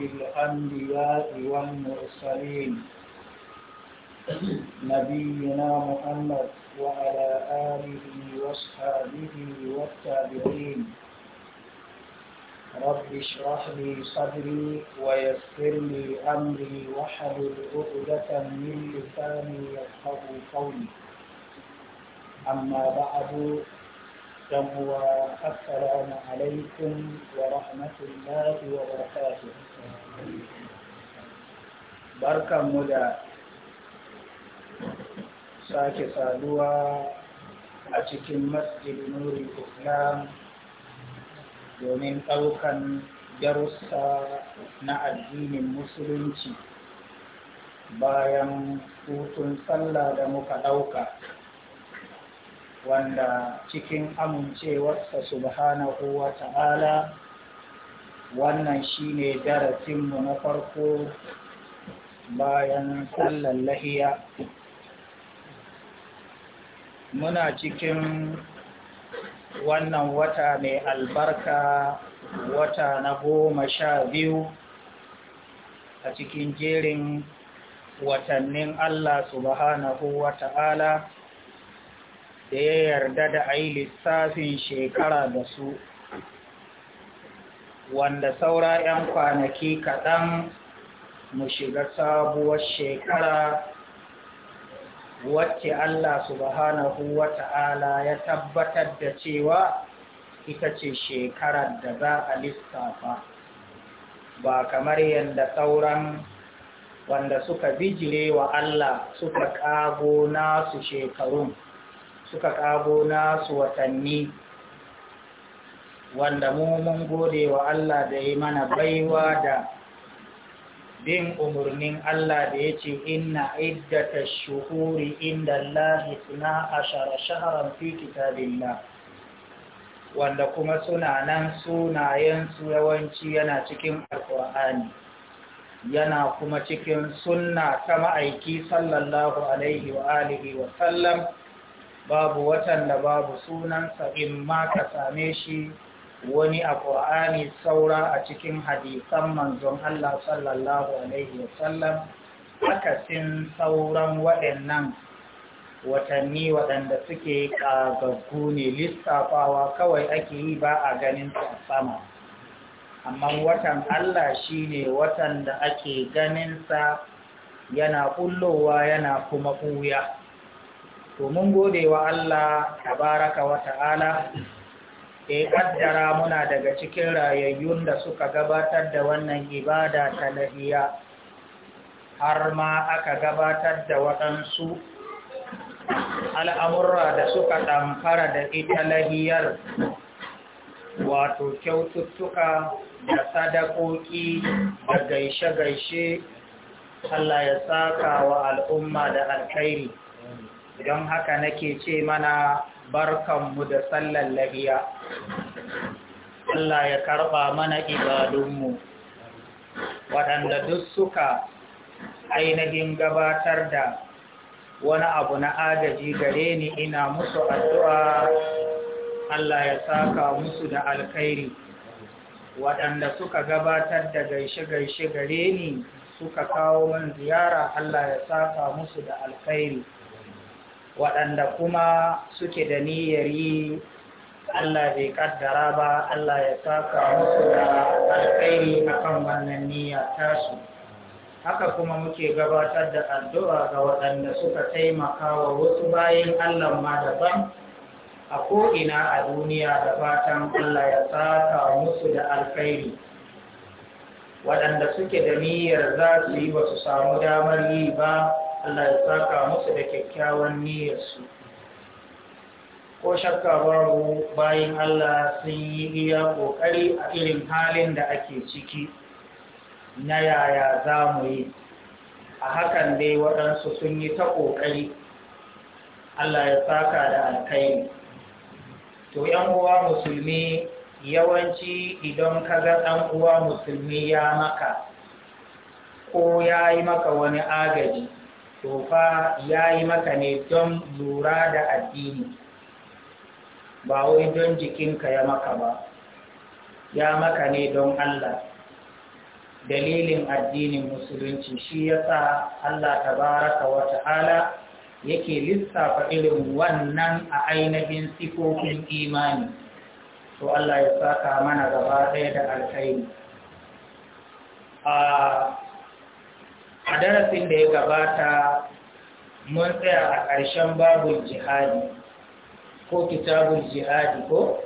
الأنبياء والمرسلين نبينا محمد وعلى آله وصحبه والتابعين رب اشرح لي صدري ويسر لي أمري واحلل عقدة من لساني يفقه قولي أما بعد يقوى السلام عليكم ورحمة الله وبركاته بركة مدى sake saduwa a cikin masjid nuri islam domin ɗaukan darussa na addinin musulunci bayan hutun sallah da muka ɗauka wanda cikin amincewarsa subhanahu wa ta'ala wannan shine darasinmu na farko bayan sallar lahiya muna cikin wannan wata mai albarka wata na goma sha biyu a cikin jerin watannin Allah subhanahu wa ta'ala da ya yarda da a yi lissafin shekara da su wanda saura 'yan kwanaki kaɗan mu shiga sabuwar shekara wacce Allah subhanahu WaTa'ala ta'ala ya tabbatar da cewa ita ce shekarar da za a lissafa ba kamar yadda sauran wanda suka bijire wa Allah suka ƙago nasu shekarun suka kago nasu watanni wanda mu mun gode wa Allah da yi mana baiwa da bin umarnin Allah da ya ce inna iddata shuhuri inda Allahi suna ashara fiki ta dinna wanda kuma suna nan sunayensu yawanci yana cikin alkur'ani yana kuma cikin sunna ta ma'aiki sallallahu alaihi wa alihi wa sallam babu watan da babu sunansa in ma ka same shi wani a ƙwa'ani saura a cikin hadisan manzon Allah sallallahu Alaihi wasallam akasin sauran waɗannan watanni waɗanda suke ƙagaggu ne lissafawa kawai ake yi ba a ganin sama amma watan Allah shi ne watan da ake ganin sa yana ƙullowa yana kuma ɓuya to mun gode wa Allah tabaraka wa ta'ala e ya kaddara muna daga cikin rayayyun da suka gabatar da wannan ibada ta lahiya har ma aka gabatar da waɗansu al'amurra da suka ɗamfara da ita lahiyar wato kyaututtuka da sadakoki da gaishe-gaishe Allah ya tsaka wa al'umma da alkhairi don haka nake ce mana barkanmu da sallan lafiya Allah ya karɓa mana ibadunmu waɗanda duk suka ainihin gabatar da wani abu na agaji gare ni ina musu addu'a Allah ya saka musu da alkhairi waɗanda suka gabatar da gaishe-gaishe gare ni suka kawo man ziyara Allah ya saka musu da alkhairi waɗanda kuma suke da niyyar yi Allah bai ƙaddara ba Allah ya saka musu da alƙairi a kan wannan niyya tasu haka kuma muke gabatar da addu'a ga waɗanda suka taimaka wa wasu bayan Allah ma daban a ko'ina a duniya da fatan Allah ya saka musu da alƙairi. waɗanda suke da niyyar za su yi ba su samu damar yi ba Allah ya saka musu da kyakkyawan niyyarsu ko shakka babu bayan Allah sun yi iya ƙoƙari a irin halin da ake ciki na yaya za mu yi a hakan dai waɗansu sun yi ta ƙoƙari Allah ya saka da alkai. to yan uwa musulmi yawanci idan ka ga ɗan uwa musulmi ya maka ko ya yi maka wani agaji to fa ya yi maka ne don lura da addini ba wai don jikinka ya maka ba ya maka ne don Allah dalilin addinin musulunci shi ya sa Allah tabaraka wa ta'ala yake lissafa irin wannan a ainihin sifofin imani to Allah ya saka mana gaba ɗaya da alkhairi ah, a darasin da ya gabata mun tsaya a ƙarshen babul jihadi ko kitabul jihadi ko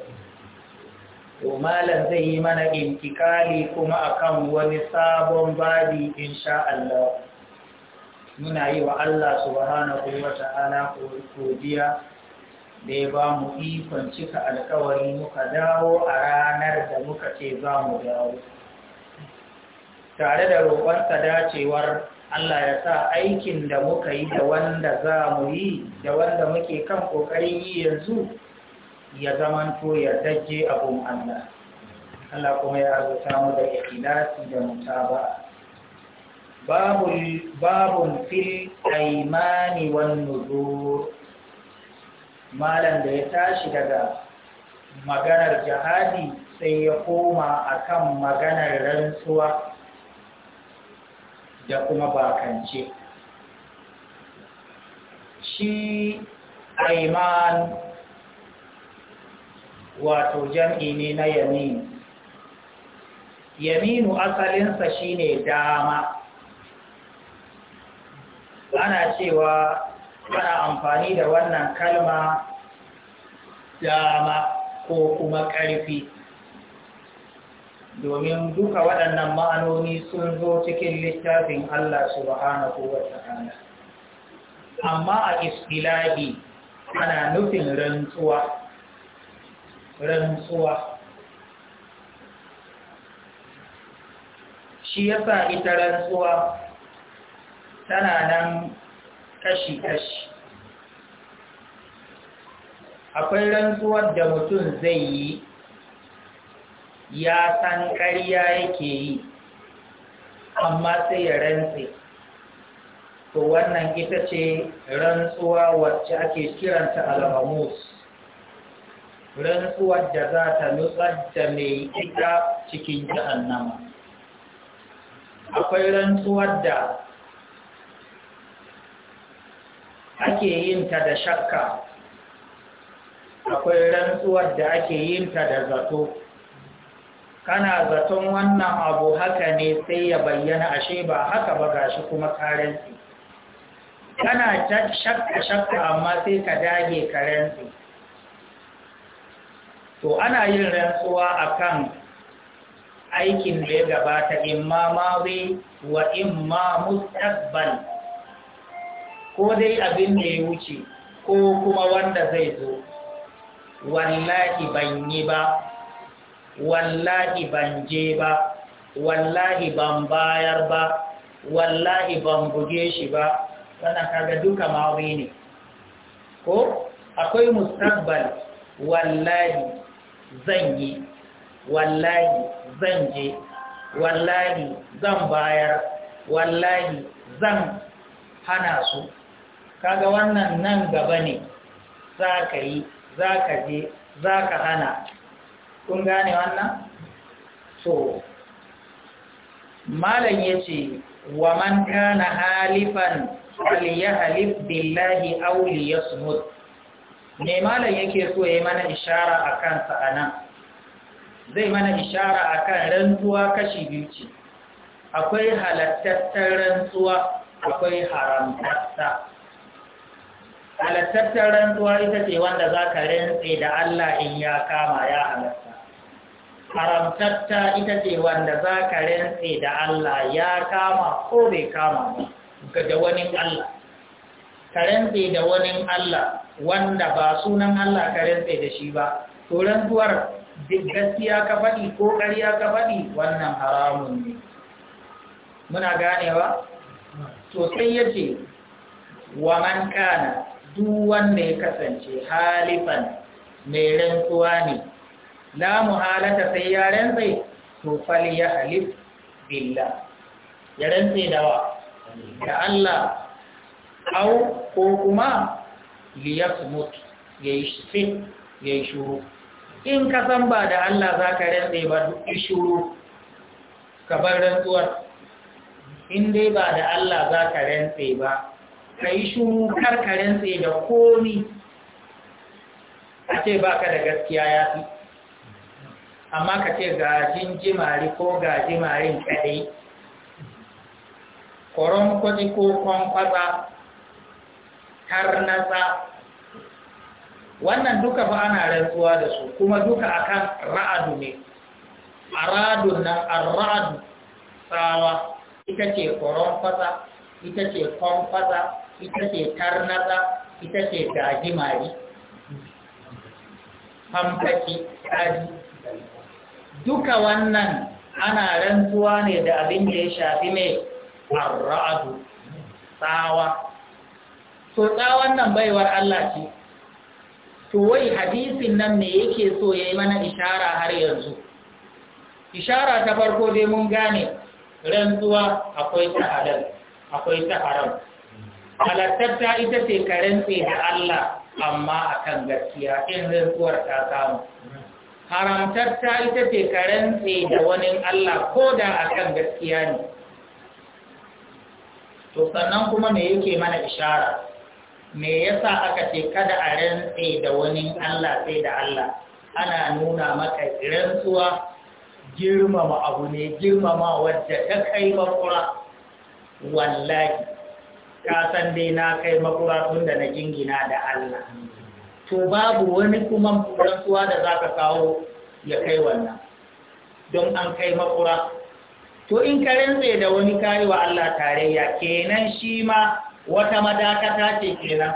to malam zai yi mana intikali kuma akan wani sabon babi insha Allah muna yi wa Allah subhanahu wa ta'ala godiya da ya ba mu ikon cika alkawari muka dawo a ranar da muka ce za mu dawo tare da roƙonsa dacewar Allah ya sa aikin da muka yi da wanda za mu yi da wanda muke kan ƙoƙarin yi yanzu ya zamanto dajje abun Allah Allah kuma ya arzuta mu da ikilasi da muta ba. babun fil aimani wannu zo. Malam da ya tashi daga maganar jihadi sai ya koma akan maganar rantsuwa da kuma bakance shi aiman wato jam'i ne na yaminu yaminu asalinsa shine dama ana cewa ana amfani da wannan kalma dama ko kuma ƙarfi domin duka waɗannan ma'anoni sun zo cikin littafin Allah subhanahu wa ta'ala amma a istilahi ana nufin rantsuwa rantsuwa shi yasa ita rantsuwa tana nan kashi-kashi akwai rantsuwar da mutum zai yi ya san ƙarya yake yi amma sai ya rantse to wannan ita ce rantsuwa wacce ake kiranta alhamus rantsuwar da za ta nutsar da mai ita cikin jahannama akwai rantsuwar da ake yin ta da shakka akwai rantsuwar da ake yin ta da zato kana zaton wannan abu haka ne sai ya bayyana ashe ba haka ba gashi kuma karensi kana shakka shakka amma sai ka dage karensi to ana yin rantsuwa akan aikin da ya gabata imma mazi wa imma mustaqbal ko dai abin da ya wuce ko kuma wanda zai zo wallahi ban yi ba wallahi ban je ba wallahi ban bayar ba wallahi ban buge shi ba wannan kaga duka mawi ne ko akwai mustaqbal wallahi zan yi wallahi zan je wallahi zan bayar wallahi zan hana su kaga wannan nan gaba ne za ka yi za ka je za ka hana kun gane wannan to malam yace wa man kana halifan falyahlif billahi aw liyasmut ne malam yake so yayi mana ishara akan sa anan zai mana ishara akan rantsuwa kashi biyu ce akwai halattattar rantsuwa akwai haramtatta halattattar rantsuwa ita ce wanda za ka rantse da Allah in ya kama ya halatta haramtatta ita ce wanda za ka rantse da Allah ya kama ko bai kama ga da wani Allah ka rantse da wani Allah wanda ba sunan Allah ka rantse da shi ba to rantuwar gaskiya ka faɗi ko ƙarya ka faɗi wannan haramun ne muna ganewa to sai yace wa man kana duk wanda ya kasance halifan mai rantsuwa ne la muhalata sai ya rantse to fal ya halif billah ya rantse da wa da Allah au ko kuma liyasmut ya sit ya shuru in ka san ba da Allah ka rantse ba duk shuru ka bar rantsuwar in dai ba da Allah ka rantse ba kai shuru kar ka rantse da komi a ce ka da gaskiya ya fi amma ka ce gajin jimari ko jimarin kadai koron kwaji ko kwankwasa tsa. wannan duka ba ana rantsuwa da su kuma duka akan ra'adu ne aradun nan ra'adu tsawa ita ce ƙoron fasa ita ce kon ita ce tarnatsa ita ce gajimari ta kaji duka wannan ana rantsuwa ne da abin da ya shafi mai arra'adu tsawa so tsawon nan baiwar Allah ce to wai hadisin nan me yake so yayi mana ishara har yanzu ishara ta farko dai mun gane rantsuwa akwai ta akwai ta haram halartarta ita ce ka tsaye da Allah amma akan gaskiya in rantsuwar ta samu haramtatta ita ce ka rantse da wani Allah ko da a kan gaskiya ne to sannan kuma me yake mana ishara me yasa aka ce kada a rantse da wani Allah sai da Allah ana nuna maka rantsuwa girmama abu ne girmama wadda ta kai makura wallahi ta san dai na kai makura tun da na jingina da Allah to babu wani kuma rantsuwa da za ka kawo ya kai wannan don an kai makura to in ka rantse da wani kayi wa Allah tarayya kenan shi ma wata madakata ce kenan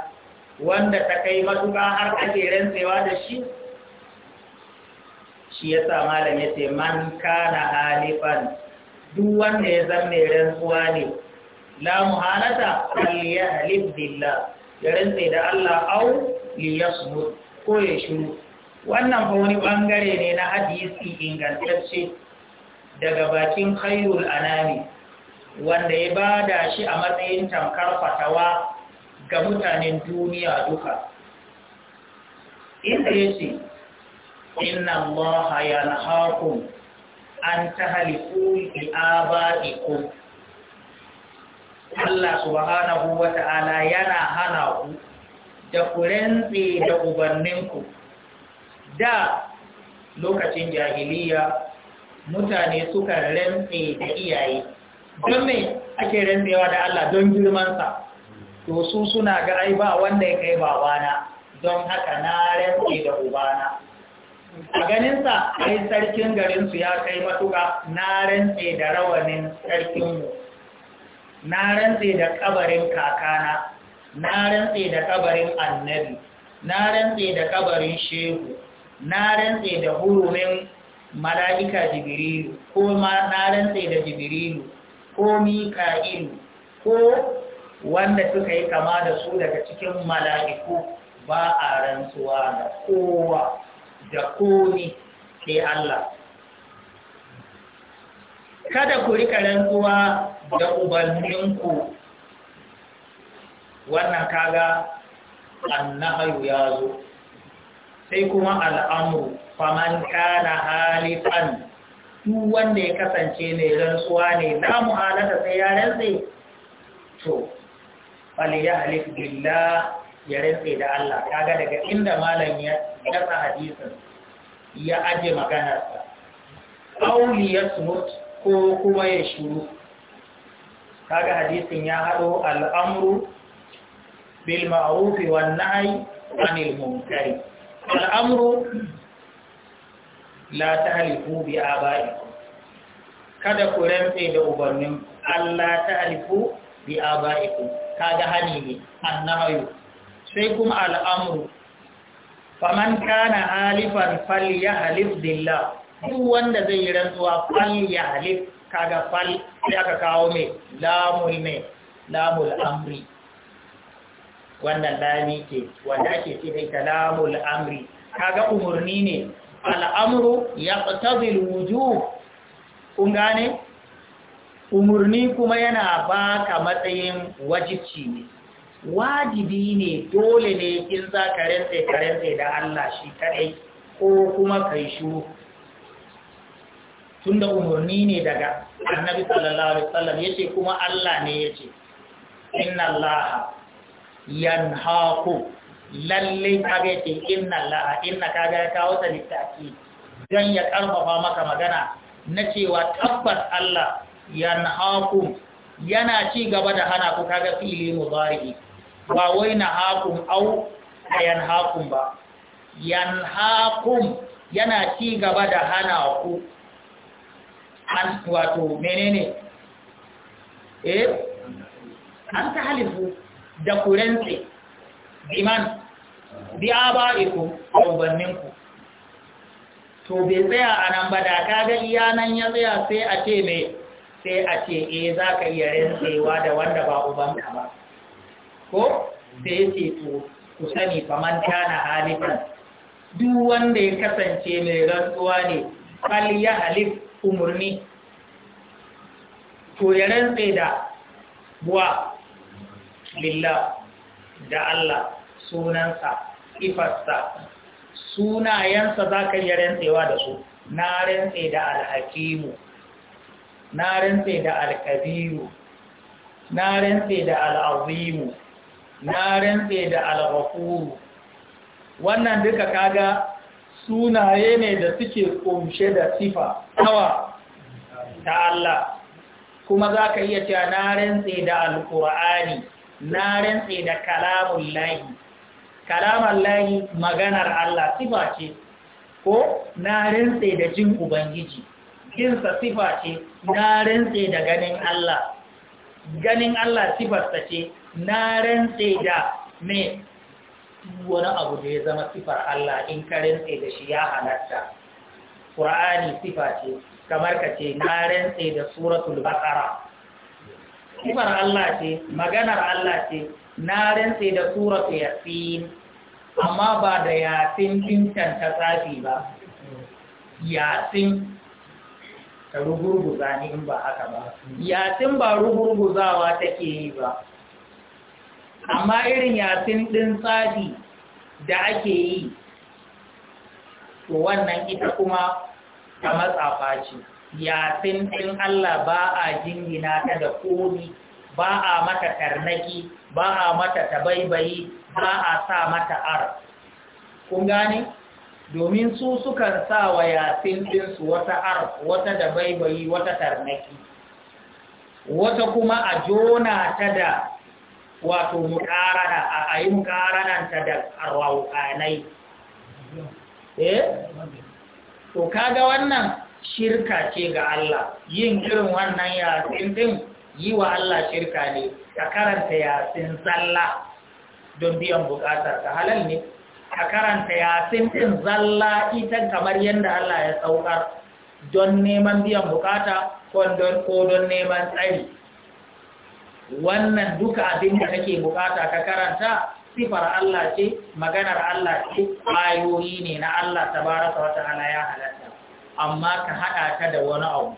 wanda ta kai matuƙa har ake rantsewa da shi shi ya sa malam ya ce man kana halifan duk wanda ya zanne rantsuwa ne la muhalata ya halif billah ya rantse da Allah au liyasmut ko ya shiru wannan ba wani bangare ne na hadisi ingantacce daga bakin khairul anami wanda ya bada shi a matsayin tamkar fatawa ga mutanen duniya duka inda yace inna allaha yanhaakum an tahliku bi abaikum Allah subhanahu wa ta'ala yana hana ku da ku rantse da ubanninku da lokacin jahiliya mutane suka rantse da iyaye don me ake rantsewa da Allah don girmansa to su suna ga ai ba wanda ya kai babana don haka na rantse da ubana a ganinsa ai sarkin garinsu ya kai matuka na rantse da rawanin sarkinmu na rantse da kabarin kakana na rantse da kabarin annabi na rantse da kabarin shehu na rantse da hurumin mala'ika jibrilu ko ma na rantse da jibrilu ko mika'ilu ko wanda suka yi kama da su daga cikin mala'iku ba a rantsuwa da kowa da komi sai Allah kada ku rika rantsuwa da ubanninku wannan kaga Annahayu ya zo sai kuma al'amru faman kana halifan tu wanda ya kasance mai rantsuwa ne na mu'alata sai ya rantse to bali ya halif billah ya rantse da Allah kaga daga inda malam ya kasa hadisin ya aje maganarsa auli ya smut ko kuma ya shuru kaga hadisin ya haɗo al'amru bil ma'ruf wan nahy anil munkar al amru la tahlifu bi aba'ikum kada ku rantse da ubannin Allah tahlifu bi aba'ikum kaga hani ne annahu sai kuma al amru faman kana ya falyahlif billah duk wanda zai yi rantsuwa falyahlif kaga fal sai aka kawo mai lamul mai lamul amri wannan lami ke wanda ake ce dai kalamul amri kaga umurni ne al'amru yaqtadi wujub kun gane umurni kuma yana baka matsayin wajibi ne wajibi ne dole ne in za ka rantsa ka rantsa da Allah shi kadai ko kuma kai shuru tunda umurni ne daga annabi sallallahu alaihi wasallam yace kuma Allah ne yace inna allaha yanhaqu lalle kage ce inna allaha inna kaga ya kawo ta littaki dan ya karfafa maka magana na cewa tabbas Allah yanhaqu yana ci gaba da hana ku kaga fili mudari ba wai na hakum au yanhaqum ba yanhaqum yana ci gaba da hana ku an wato menene eh an ta halifu da ku rantse biman bi abaikum ubanninku to bai tsaya a nan ba da kaga iya nan ya tsaya sai a ce me sai a ce e za ka iya rantsewa da wanda ba ubanka ba ko sai ce to ku sani faman kana halifan duk wanda ya kasance mai rantsuwa ne fal ya halif umurni to ya rantse da buwa lillah da Allah sunansa ifarsa sunayensa za ka iya rantsewa da su na rantse da alhakimu na rantse da alkabiru na rantse da al'azimu na rantse da alghafuru wannan duka kaga sunaye ne da suke kunshe da sifa tawa ta Allah kuma za ka iya cewa na rantse da alkur'ani na rantse da kalamun lahi kalamun lahi maganar Allah sifa ce ko na rantse da jin ubangiji jinsa sifa ce na rantse da ganin Allah ganin Allah sifarsa ce na rantse da me wani abu da ya zama sifar Allah in ka rantse da shi ya halatta Qur'ani sifa ce kamar ka ce na rantse da suratul baqara sifar Allah ce maganar Allah ce na rantse da suratu yasin amma ba da yasin dinkan ta tsafi ba yasin ta za ni in ba haka ba yasin ba rugurguzawa take yi ba amma irin yasin din tsafi da ake yi to wannan ita kuma ta matsafa ce yasin ɗin Allah ba a jingina ta da komi ba a mata tarnaki ba a mata tabaibayi ba a sa mata ar kun gane domin su sukan sa wa yasin su wata ar wata da wata tarnaki wata kuma a jona ta da wato mukarana a ayi yi ta da arwaukanai eh to kaga wannan shirka ce ga Allah yin irin wannan yasin din yi wa Allah shirka ne ka karanta yasin zalla don biyan bukatar ka halal ne ka karanta yasin din zalla ita kamar yadda Allah ya saukar don neman biyan bukata ko don neman tsari wannan duka abin da kake bukata ka karanta sifar Allah ce maganar Allah ce ayoyi ne na Allah tabaraka wa ta'ala ya halatta amma ka haɗa ta da wani abu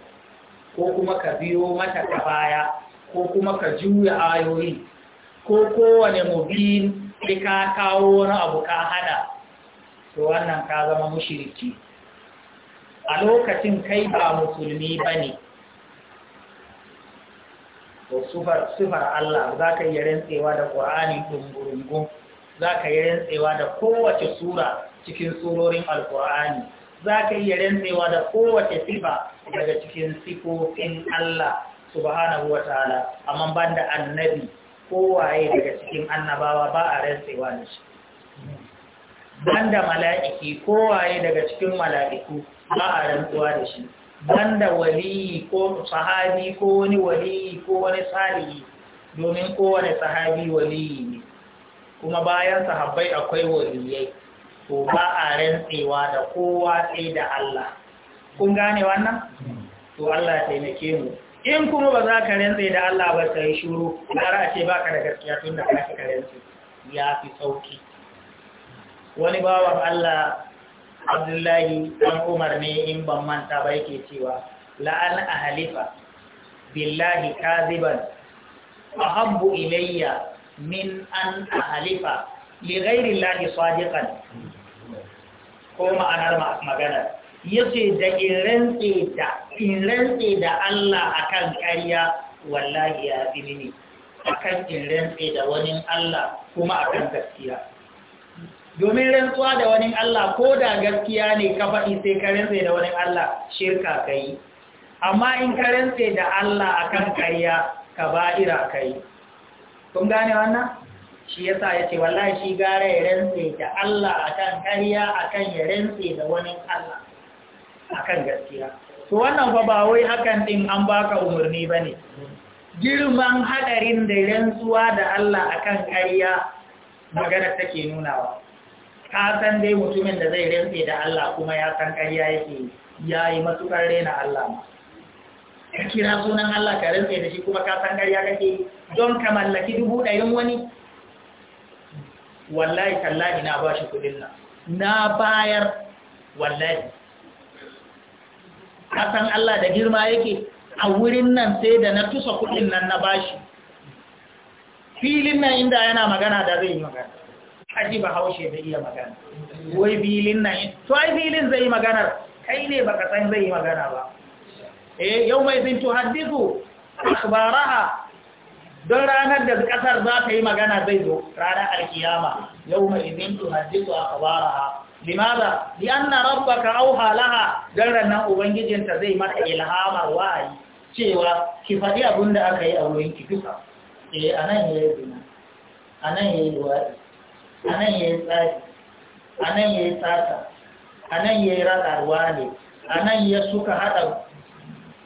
ko kuma ka biyo mata ta baya ko kuma ka juya ayoyi ko kowane mubin sai ka kawo wani abu ka haɗa to wannan ka zama mushiriki a lokacin kai ba musulmi ba ne to sufar Allah za ka yi rantsewa da ƙwa'ani ɗungurungun za ka yi rantsewa da kowace sura cikin tsororin alƙwa'ani za ka iya rantsewa da kowace sifa daga cikin sifofin Allah subhanahu wa ta'ala amma ban da annabi kowaye daga cikin annabawa ba a rantsewa da shi ban da mala'iki kowaye daga cikin mala'iku ba a rantsuwa da shi ban da waliyi ko sahabi ko wani waliyi ko wani salihi domin kowane sahabi waliyi ne kuma bayan sahabbai akwai waliyai to ba a rantsewa da kowa sai da Allah kun gane wannan to Allah taimake mu in kuma ba za ka rantse da Allah ba ka yi shuru har a ce ba ka da gaskiya tun da ka ka rantse ya fi sauki wani bawan Allah Abdullahi dan Umar ne in ban manta ba yake cewa la'an halifa. billahi kaziban ahabbu ilayya min an a li ghairi llahi sadiqan ko ma'anar magana yace da in da da Allah akan ƙarya wallahi ya fi mini akan rantse da wani Allah kuma akan gaskiya domin rantsuwa da wani Allah ko da gaskiya ne ka faɗi sai ka rantse da wani Allah shirka ka yi. amma in ka rantse da Allah akan ƙarya ka ba'ira ka yi. kun gane wannan shi ya sa ya ce wallahi shi gara ya rantse da Allah a kan akan a kan ya rantse da wani Allah a kan gaskiya to wannan fa ba wai hakan din an baka umarni ba ne. girman haɗarin da rantsuwa da Allah a kan ƙarya magana take nunawa ka san dai mutumin da zai rantse da Allah kuma ya san ƙarya yake yi matuƙar rena Allah ma ka kira sunan Allah ka rantse da shi kuma ka san ƙarya kake don ka mallaki dubu ɗayan wani wallahi tallahi na ba kudin nan na bayar wallahi kasan Allah da girma yake a wurin nan sai da na tusa kudin nan na bashi filin nan inda yana magana da zai yi magana aji ba haushe da iya magana wai filin nan to ai filin zai yi magana kai ne baka san zai yi magana ba eh yau mai zintu haddisu akhbaraha don ranar da ƙasar za ta yi magana zai zo ranar alkiyama yau mai izin tuhaddisu a ha. limaza li an na rabba ka au halaha. don ranar ubangijinta zai mata ilhamar wa'ayi cewa ki faɗi abin da aka yi a wurin ki duka eh a nan ya yi zina a nan ya yi wari a nan ya yi tsari a nan ya yi tsata a nan ya yi ratsarwa ne a nan ya suka haɗa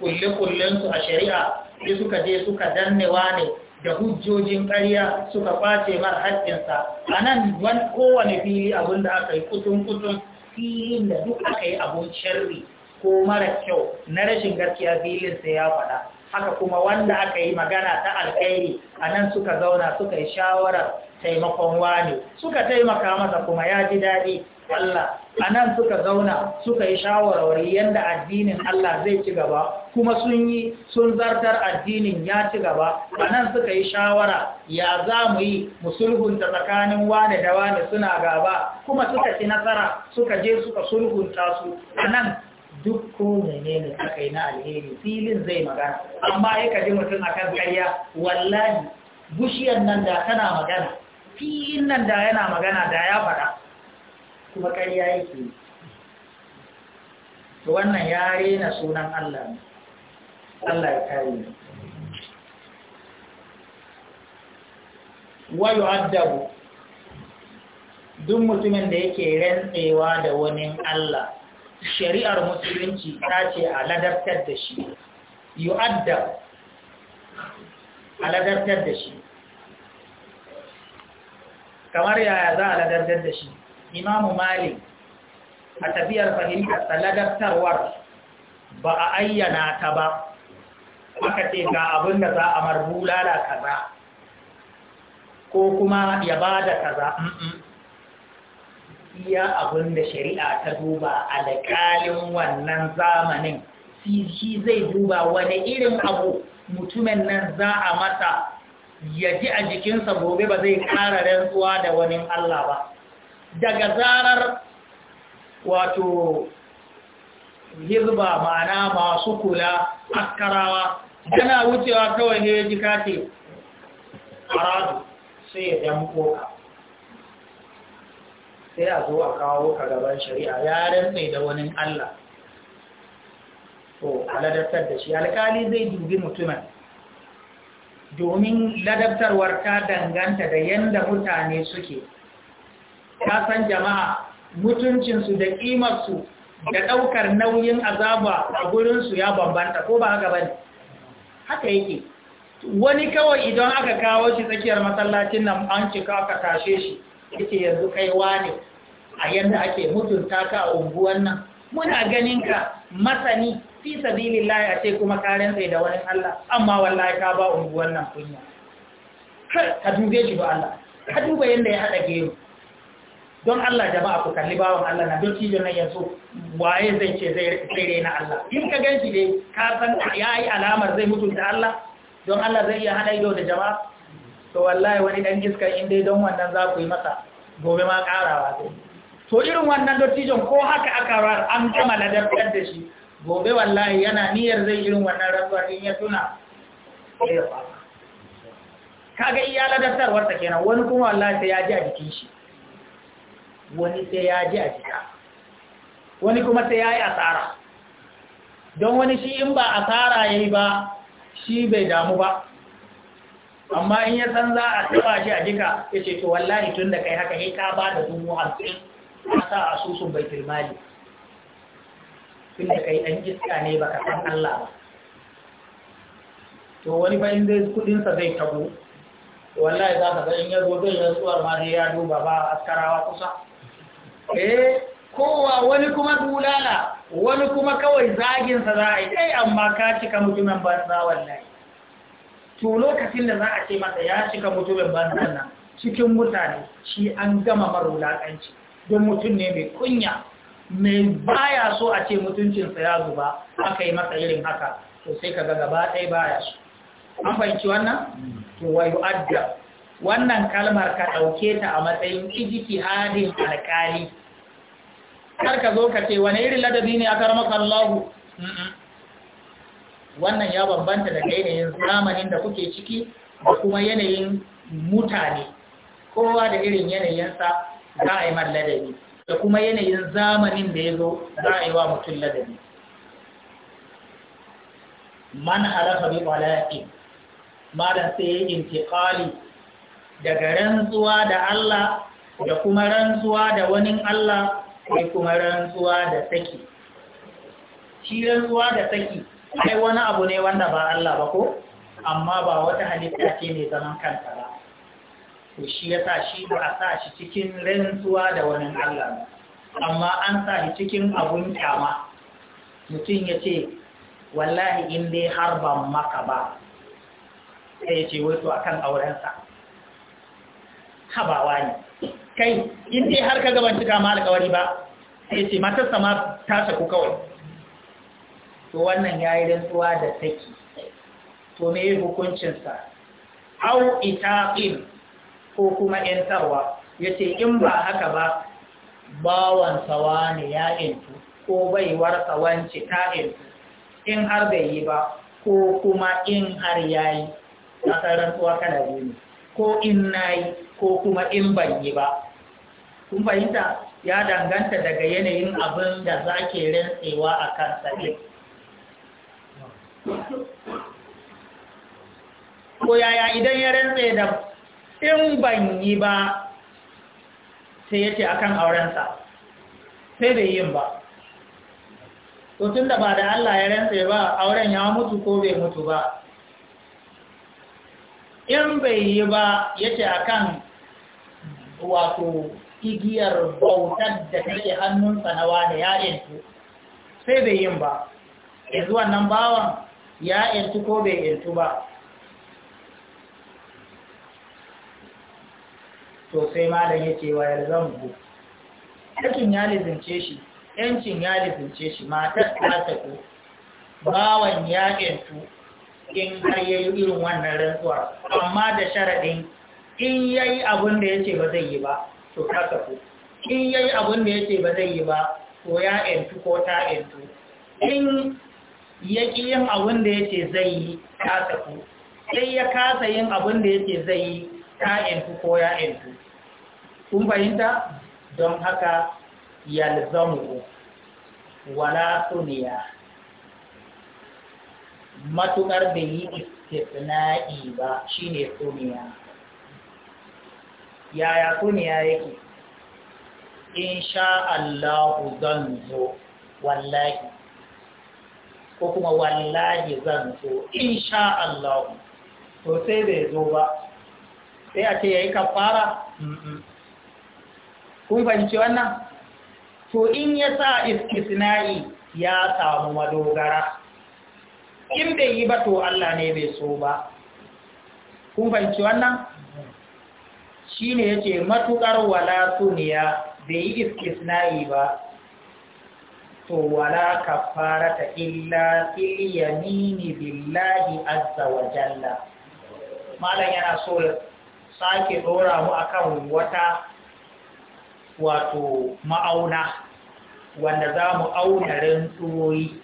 kulle-kullensu a shari'a sai suka je suka wa ne da hujjojin ƙarya suka ɓace mar haƙƙinsa a nan kowane fili abin da aka yi kutun-kutun filin da duk aka yi abun sharri ko mara kyau na rashin gaskiya filin sai ya faɗa haka kuma wanda aka yi magana ta alkhairi a nan suka zauna suka yi shawarar taimakon wani suka taimaka masa kuma ya ji daɗi Allah a nan suka zauna suka yi shawarwari yadda addinin Allah zai ci gaba kuma sun yi sun zartar addinin ya ci gaba a nan suka yi shawara ya za mu yi musulhunta tsakanin wane da wane suna gaba kuma suka ci nasara suka je suka sulhunta su a nan duk ko ne aka yi na alheri filin zai magana amma ya kaji mutum akan karya wallahi bushiyar nan da tana magana filin nan da yana magana da ya faɗa kuma ƙarya yake yi to wannan ya rena sunan Allah ne Allah ya kare ni wa yu'addabu duk mutumin da yake rantsewa da wani Allah shari'ar musulunci ta ce a ladabtar da shi yu'addab a ladabtar da shi kamar yaya za a ladabtar da shi imamu malik a tafiyar fahimtar taladartarwar ba a ayyana ta ba aka ce ga abin da za a marbula da kaza ko kuma ya ba da kaza iya abin da shari'a ta duba a alƙalin wannan zamanin shi zai duba wani irin abu mutumin nan za a mata ya ji a jikinsa gobe ba zai ƙara rantsuwa da wani Allah ba daga zarar wato hizba ma'ana masu kula askarawa yana wucewa kawai ne ya ji kate aradu sai ya dan ka sai a zo a kawo ka gaban shari'a ya rantsa da wani Allah to aladattar da shi alkali zai dubi mutumin domin ladabtarwar ta danganta da yanda mutane suke ka san jama'a mutuncinsu da ƙimarsu da ɗaukar nauyin azaba a gurinsu ya bambanta ko ba haka ba ne haka yake wani kawai idan aka kawo shi tsakiyar masallacin nan an cika aka tashe shi yake yanzu kaiwa ne a yadda ake mutunta ka a unguwan nan muna ganin ka masani fi sabilillahi a ce kuma karen tsaye da wani Allah amma wallahi ka ba unguwan nan kunya ka dube shi ba Allah ka duba yadda ya haɗa gero don Allah jama'a ku kalli bawan Allah na don cijo na yanzu waye zai ce zai na Allah in ka ganci dai ka san ya yi alamar zai mutunta Allah don Allah zai iya hana ido da jama'a to wallahi wani dan iska in dai don wannan za ku yi masa gobe ma karawa zai to irin wannan dottijon ko haka aka rar an gama ladabtar da shi gobe wallahi yana niyyar zai irin wannan rantsuwar in ya tuna kaga iya ladabtarwar ta kenan wani kuma wallahi sai ya ji a jikin shi wani sai ya ji a gida wani kuma sai ya yi asara don wani shi in ba asara ya yi ba shi bai damu ba amma in ya san za a taba shi a jika ya ce to wallahi tun da kai haka ya ka ba da dubu a sa a susun bai tilmali tun da kai ɗan iska ne ba ka san Allah ba to wani bayan zai kudinsa zai tabo wallahi za ka ga in ya zo zai ma ya duba ba askarawa kusa eh kowa wani kuma bulala wani kuma kawai zaginsa za a yi ɗai eh, amma ka cika mutumin banza wallahi to lokacin da za a ce masa ya cika mutumin banza nan cikin mutane shi an gama marulaƙanci don mutum ne mai kunya mai baya so a ce mutuncinsa ya zuba aka yi masa irin haka to sai ka ga gaba ɗaya baya so an fahimci wannan mm. to wayo adda wannan kalmar ka ɗauke ta a matsayin ijiki hadin alƙali kar ka zo ka ce wani irin ladabi ne a karmaka Allahu wannan ya bambanta daga yanayin zamanin da kuke ciki da kuma yanayin mutane kowa da irin yanayinsa za a yi mar ladabi da kuma yanayin zamanin da ya zo za a yi wa mutum ladabi man halafa bi walaƙi malam sai ya intiƙali daga rantsuwa da Allah da kuma rantsuwa da wani Allah da kuma rantsuwa da saki shi rantsuwa da saki ai wani abu ne wanda ba Allah ba ko amma ba wata halitta ce mai zaman kanta ba to shi yasa shi ba a sa shi cikin rantsuwa da wani Allah amma an sa shi cikin abun kyama mutum ya ce wallahi in dai har ban maka ba sai ya ce wato akan aurensa habawa ne kai in dai har ka gaban cika ma alƙawari ba sai ce matarsa ma ta saku kawai to wannan ya yi rantsuwa da saki to me hukuncinsa au itaqin ko kuma yantarwa yace in ba haka ba bawan sawa ne ya intu ko baiwar sawanci ta intu in har bai yi ba ko kuma in har yayi na rantsuwa kana ne. ko in nayi ko kuma in ban yi ba kun fahimta ya danganta daga yanayin abin da za ke rantsewa a kan ko yaya idan ya rantse da in ban yi ba sai ya ce a kan aurensa sai bai yin ba to tun da ba da Allah ya rantse ba auren ya mutu ko bai mutu ba in bai yi ba ya ce a kan wato igiyar bautar da ke hannunsa na wane ya yantu sai bai yin ba zuwa nan, bawan ya'yantu ko bai yantu ba to sai malam ya ce wa yalzambu yakin ya lizince shi yancin ya lizince shi matar ta ku bawan ya'yantu, in har ya yi irin wannan rantsuwar amma da sharaɗin in yayi abin da yace ba zai yi ba to ka tafi in yayi abin da yace ba zai yi ba to ya entu ko ta entu in yaki yin abin da yace zai yi ka tafi sai ya kasa yin abin da yace zai yi ta entu ko ya entu kun fahimta don haka yalzamu wala suniya matukar da yi istisna'i ba shine suniya yaya ya yake in sha Allahu zan zo wallahi ko kuma wallahi zan zo in sha Allahu to sai bai zo ba sai a ce ya yi kafara kun fahimci wannan to in ya sa iskisina'i ya samu madogara in bai yi ba to Allah ne bai so ba kun fahimci wannan Shi shine yace matukar wala suniya bai yi istisna'i ba to wala ta illa fil yamini billahi azza wa jalla malam yana so ya sake dora mu akan wata wato ma'auna wanda za mu auna rantsuwoyi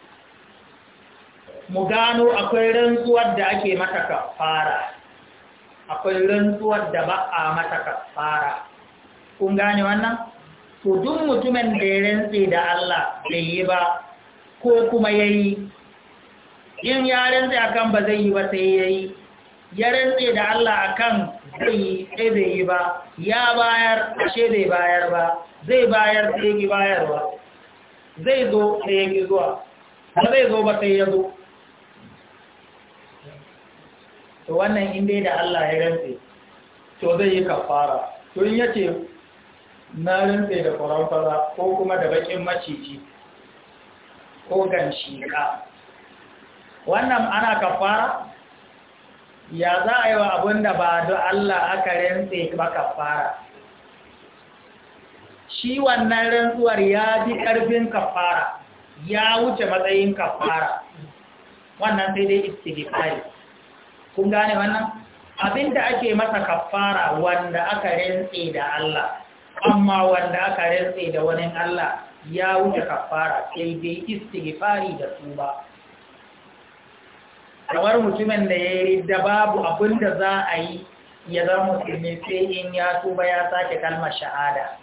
mu gano akwai rantsuwar da ake mata kafara akwai rantsuwar da ba a mata kafara kun gane wannan to duk mutumin da ya rantse da Allah bai yi ba ko kuma yayi in ya rantse akan ba zai yi ba sai yayi ya rantse da Allah akan zai yi sai bai yi ba ya bayar ashe bai bayar ba zai bayar sai ki bayarwa zai zo sai ya ki zuwa ba zai zo ba sai ya zo to wannan in dai da Allah ya rantse to zai yi kafara to in yace na rantse da faramfara ko kuma da bakin maciji ko ka wannan ana kafara ya za a yi wa abinda da ba da Allah aka rantse ba kafara shi wannan rantsuwar ya bi karfin kafara ya wuce matsayin kafara wannan sai dai istighfar kun gane wannan abinda ake masa kafara wanda aka rantse da Allah amma wanda aka rantse da wani Allah ya wuce kafara sai dai istighfari da tuba kamar mutumin da ya yi da babu abinda za a yi ya zama musulmi sai in ya tuba ya sake kalmar shahada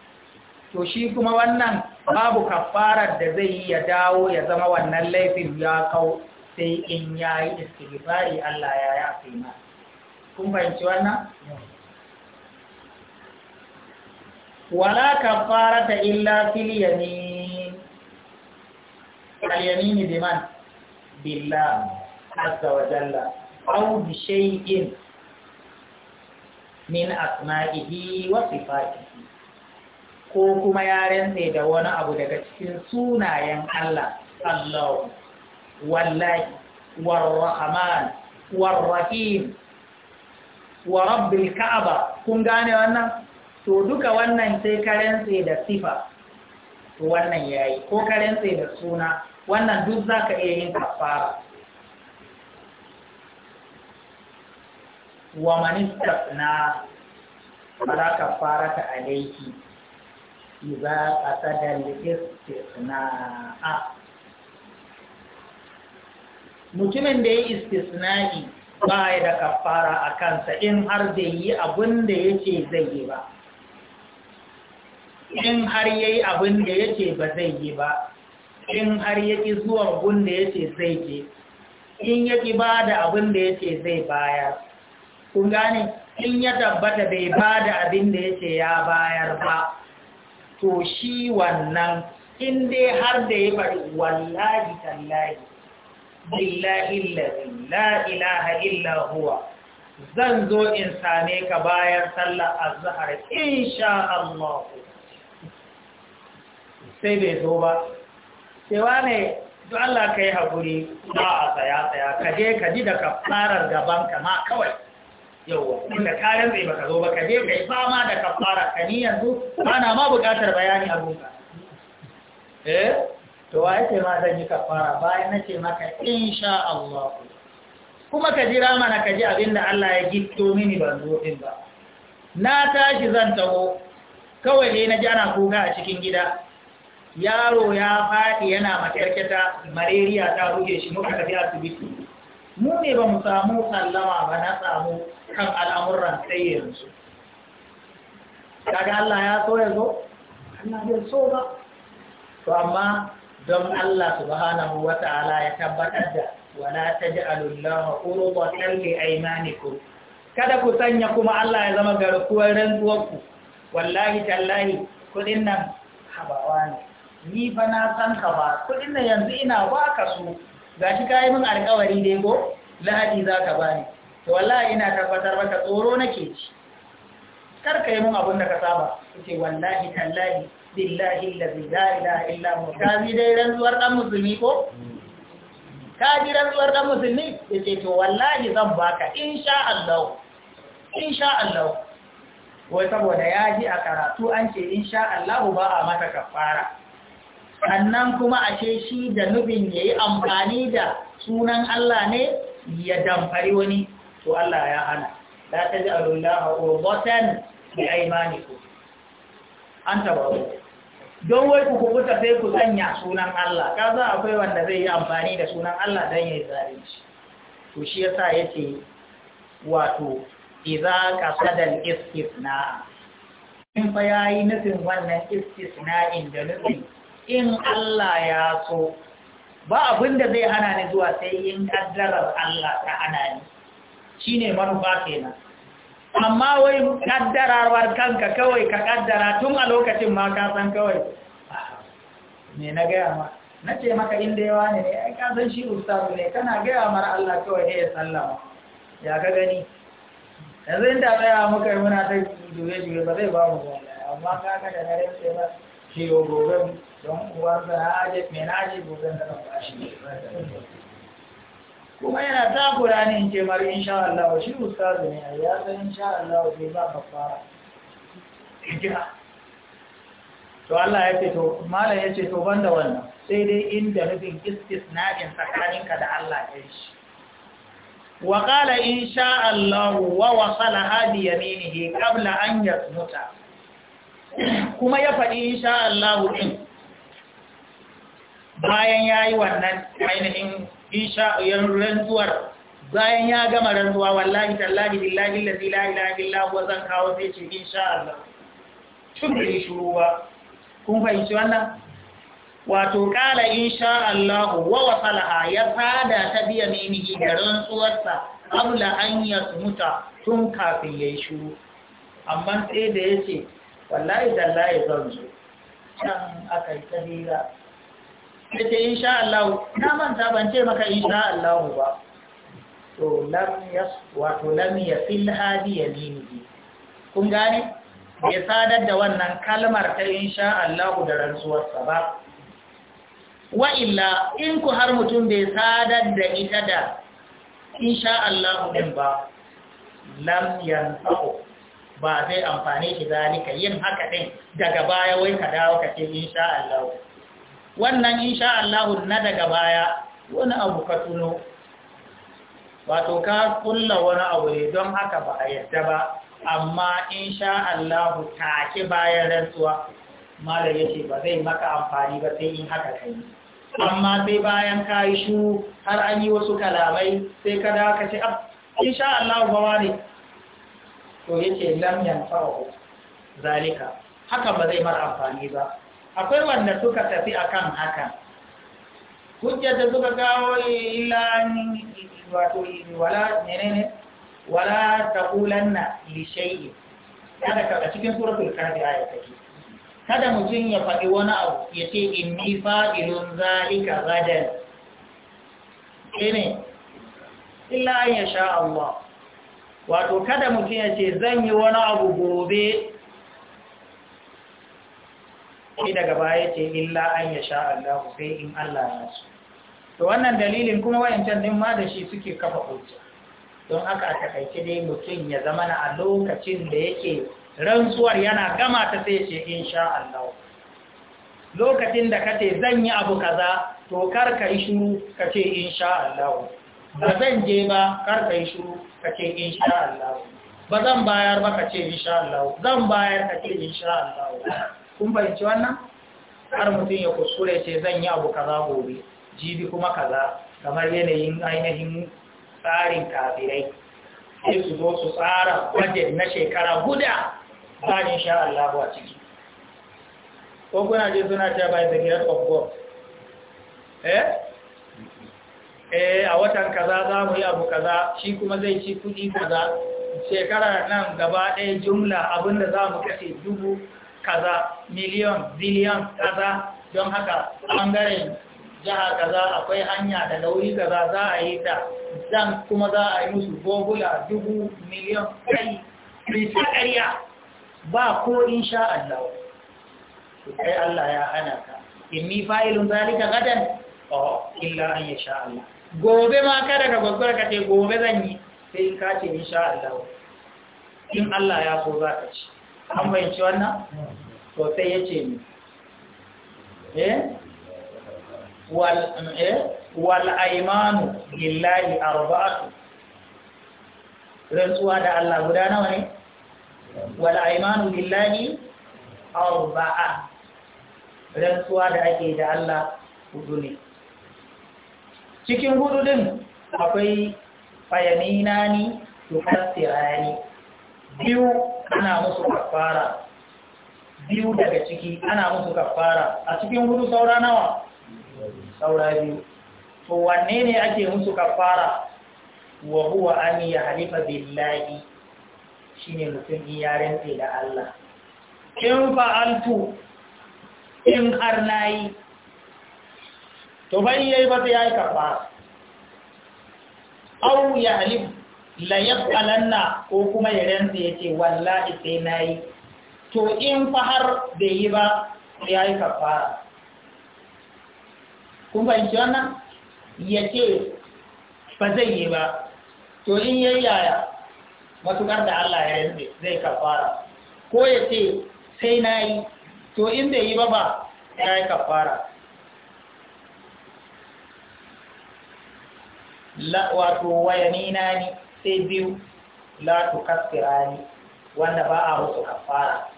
to shi kuma wannan babu kafarar da zai yi ya dawo ya zama wannan laifin ya kau sai in ya yi istighfari Allah ya fi ma kun fahimci wannan wala ta illa fil yamin al yamin bi man billah azza wa jalla aw bi shay'in min asma'ihi wa sifatihi ko kuma yaren sai da wani abu daga cikin sunayen Allah Allah wallahi warrahman warrahim wa rabbil ka'aba kun gane wannan to duka wannan sai karen karense da sifa to wannan yayi ko karen karense da suna wannan duk zaka iya yin kafara wa man istafna fala kafarata alayhi idza qasada al-istisna mutumin da ya istisna'i ba ya da kafara a kansa in har da yi abin da ya ce zai yi ba in har ya yi abin da ya ce ba zai yi ba in har ya ƙi zuwa abin da ya ce zai je in ya ƙi ba da abin da ya ce zai bayar kun gane in ya tabbata bai ba da abin da ya ce ya bayar ba to shi wannan in dai har da ya bari wallahi tallahi billahi allazi la ilaha illa huwa zan zo in same ka bayan sallar azhar insha Allah sai bai zo ba sai wane to Allah kai hakuri ba a tsaya tsaya ka je ka ji da kafarar gaban ka ma kawai yawa inda karin bai baka zo ba ka je kai fama da kafara ka ni yanzu ba na ma bukatar bayani a gunka eh to wa ce ma zan yi kafara bayan na ce maka insha Allah kuma ka jira mana ka ji abinda Allah ya gitto mini ban zo din ba na tashi zan taho kawai ne na ji ana kuka a cikin gida yaro ya faɗi yana makarkata malaria ta ruge shi muka tafi asibiti mu ne ba mu samu sallama ba na samu kan al'amuran sai yanzu kaga Allah ya so ya zo Allah bai so ba to amma don Allah subhanahu wa ta'ala ya tabbatar da wala taj'alullaha qurubatan li aymanikum kada ku sanya kuma Allah ya zama garkuwar rantsuwarku wallahi tallahi kudin nan habawa ne ni fa na san ka ba kudin nan yanzu ina baka su gashi kai min alƙawari dai ko lahadi zaka bani to wallahi ina tabbatar maka tsoro nake ci kar ka yi min abin da ka saba kace wallahi tallahi billahi allazi la ilaha illa hu ka ji dai rantsuwar dan musulmi ko ka ji rantsuwar dan musulmi yace to wallahi zan baka insha Allah insha Allah wai saboda ya ji a karatu an ce insha Allah ba a mata kafara sannan kuma a ce shi da nufin yayi amfani da sunan Allah ne ya damfari wani to Allah ya hana la taj'alullaha urbatan bi aymanikum anta ba'u don wai ku kubuta sai ku sanya sunan Allah ka za akwai wanda zai yi amfani da sunan Allah don ya yi zalunci to shi yasa yace wato idza qasada al na? in fa yayi nufin wannan na, da nufi in Allah ya so ba abin da zai hana ni zuwa sai in kaddarar Allah ta hana ni shine manufa kenan amma wai kaddararwar kanka kawai ka kaddara tun a lokacin ma ka san kawai me na gaya ma na ce maka inda yawa ne ne ai kasan shi ustazu ne kana gaya mara Allah kawai ne ya sallama ya ka gani yanzu inda tsaya muka yi muna ta juye-juye ba zai ba mu ba amma ka ka da na rinse ba shi gobe don uwar da aje mai na aje gobe da ba shi kuma yana takura ne in ce insha Allah shi ustazu ne ya san insha Allah zai ba ka fara hijira to Allah ya ce to mallam ya ce to banda wannan sai dai inda nufin istisna'in tsakaninka da Allah ya shi wa qala insha Allah wa wasala hadi yaminihi qabla an yasmuta kuma ya faɗi insha Allah din bayan yayi wannan ainihin insha yan rantsuwar bayan ya gama rantsuwa wallahi tallahi billahi la ilaha illa huwa zan kawo sai ce insha Allah tun da shiru ba kun fahimci wannan wato kala insha Allah wa wasalaha ya fada ta biya mini da rantsuwarsa abla an yasmuta tun kafin yayi shiru amma sai da yace wallahi tallahi zan zo dan aka yi kabila sai ce insha Allah na manta ban ce maka insha Allah ba to lam yas to lam yasil hadi yaminihi kun gane bai sadar da wannan kalmar ta insha Allah da rantsuwarsa ba wa illa in ku har mutum bai sadar da ita da insha Allah din ba lam yanfa'u ba zai amfane shi zalika yin haka din daga baya wai ka dawo ka ce insha Allah wannan insha Allah na daga baya wani abu ka tuno wato ka kulla wani abu ne don haka ba a yadda ba amma insha Allah take bayan rantsuwa malam yake ba zai maka amfani ba sai in haka kai amma sai bayan ka yi shu har an yi wasu kalamai sai ka da ka ce insha Allah ba wani to yace lamyan fa'o zalika haka ba zai mara amfani ba akwai wanda suka tafi akan haka hujjar da suka kawo illa wato wala menene wala taqulanna li shay'in kada ka cikin suratul kahfi aya take kada mutum ya faɗi wani abu ya ce inni fa'ilun zalika gadan ne illa an yasha Allah wato kada mutum ya ce zan yi wani abu gobe shi daga baya ce illa an ya sha Allah sai in Allah ya so to wannan dalilin kuma wayancan din ma da shi suke kafa hujja don haka a takaice dai mutum ya zama na a lokacin da yake rantsuwar yana gama ta sai ce insha Allah lokacin da kace zan yi abu kaza to kar ka yi shiru kace insha Allah ba zan je ba kar ka yi shiru kace insha Allah ba zan bayar ba kace insha Allah zan bayar kace insha Allah kun fahimci wannan har mutum ya kuskure ce zan yi abu kaza gobe jibi kuma kaza kamar yanayin ainihin tsarin kafirai sai su zo su tsara wajen na shekara guda tsarin sha Allah a ciki ko kuna je suna ta by da gidan of God eh eh a watan kaza za mu yi abu kaza shi kuma zai ci kudi kaza shekara nan gaba ɗaya jumla abinda za mu kashe dubu kaza miliyon ziliyan kaza don haka ɓangaren jiha kaza akwai hanya da nauyi kaza za a yi ta zan kuma za a yi musu gogula dubu miliyon kai bisa ƙarya ba ko insha Allah kai Allah ya hana ka mi fa'ilun zalika gadan oh illa an sha Allah gobe ma kada ka gogora ka ce gobe zan yi sai ka ce insha Allah in Allah ya so za ka ci an ci wannan to sai ya ce ni eh? eh wal aimanu billahi arba'atu rantsuwa da Allah guda nawa ne wal aimanu billahi arba'a rantsuwa da ake da Allah hudu ne cikin hudu din akwai fayaminani tukassirani biyu ana musu kafara biyu daga ciki ana musu kafara a cikin hudu saura nawa saura biyu to wanne ne ake musu kafara wa huwa an ya halifa billahi shine mutum in ya rantse da Allah in fa'altu in har nayi to bai yayi ba sai ya yi kafara au ya halifa la yasalanna ko kuma ya rantsa ce wallahi sai nayi to in fa har bai yi ba yi kafara kun fahimci wannan yace ba zai yi ba to in yi yaya matukar da Allah ya rantsa zai kafara ko yace sai nayi to in bai yi ba ba yi kafara wato wayanina ne sai biyu la tukaffirani wanda ba a musu kafara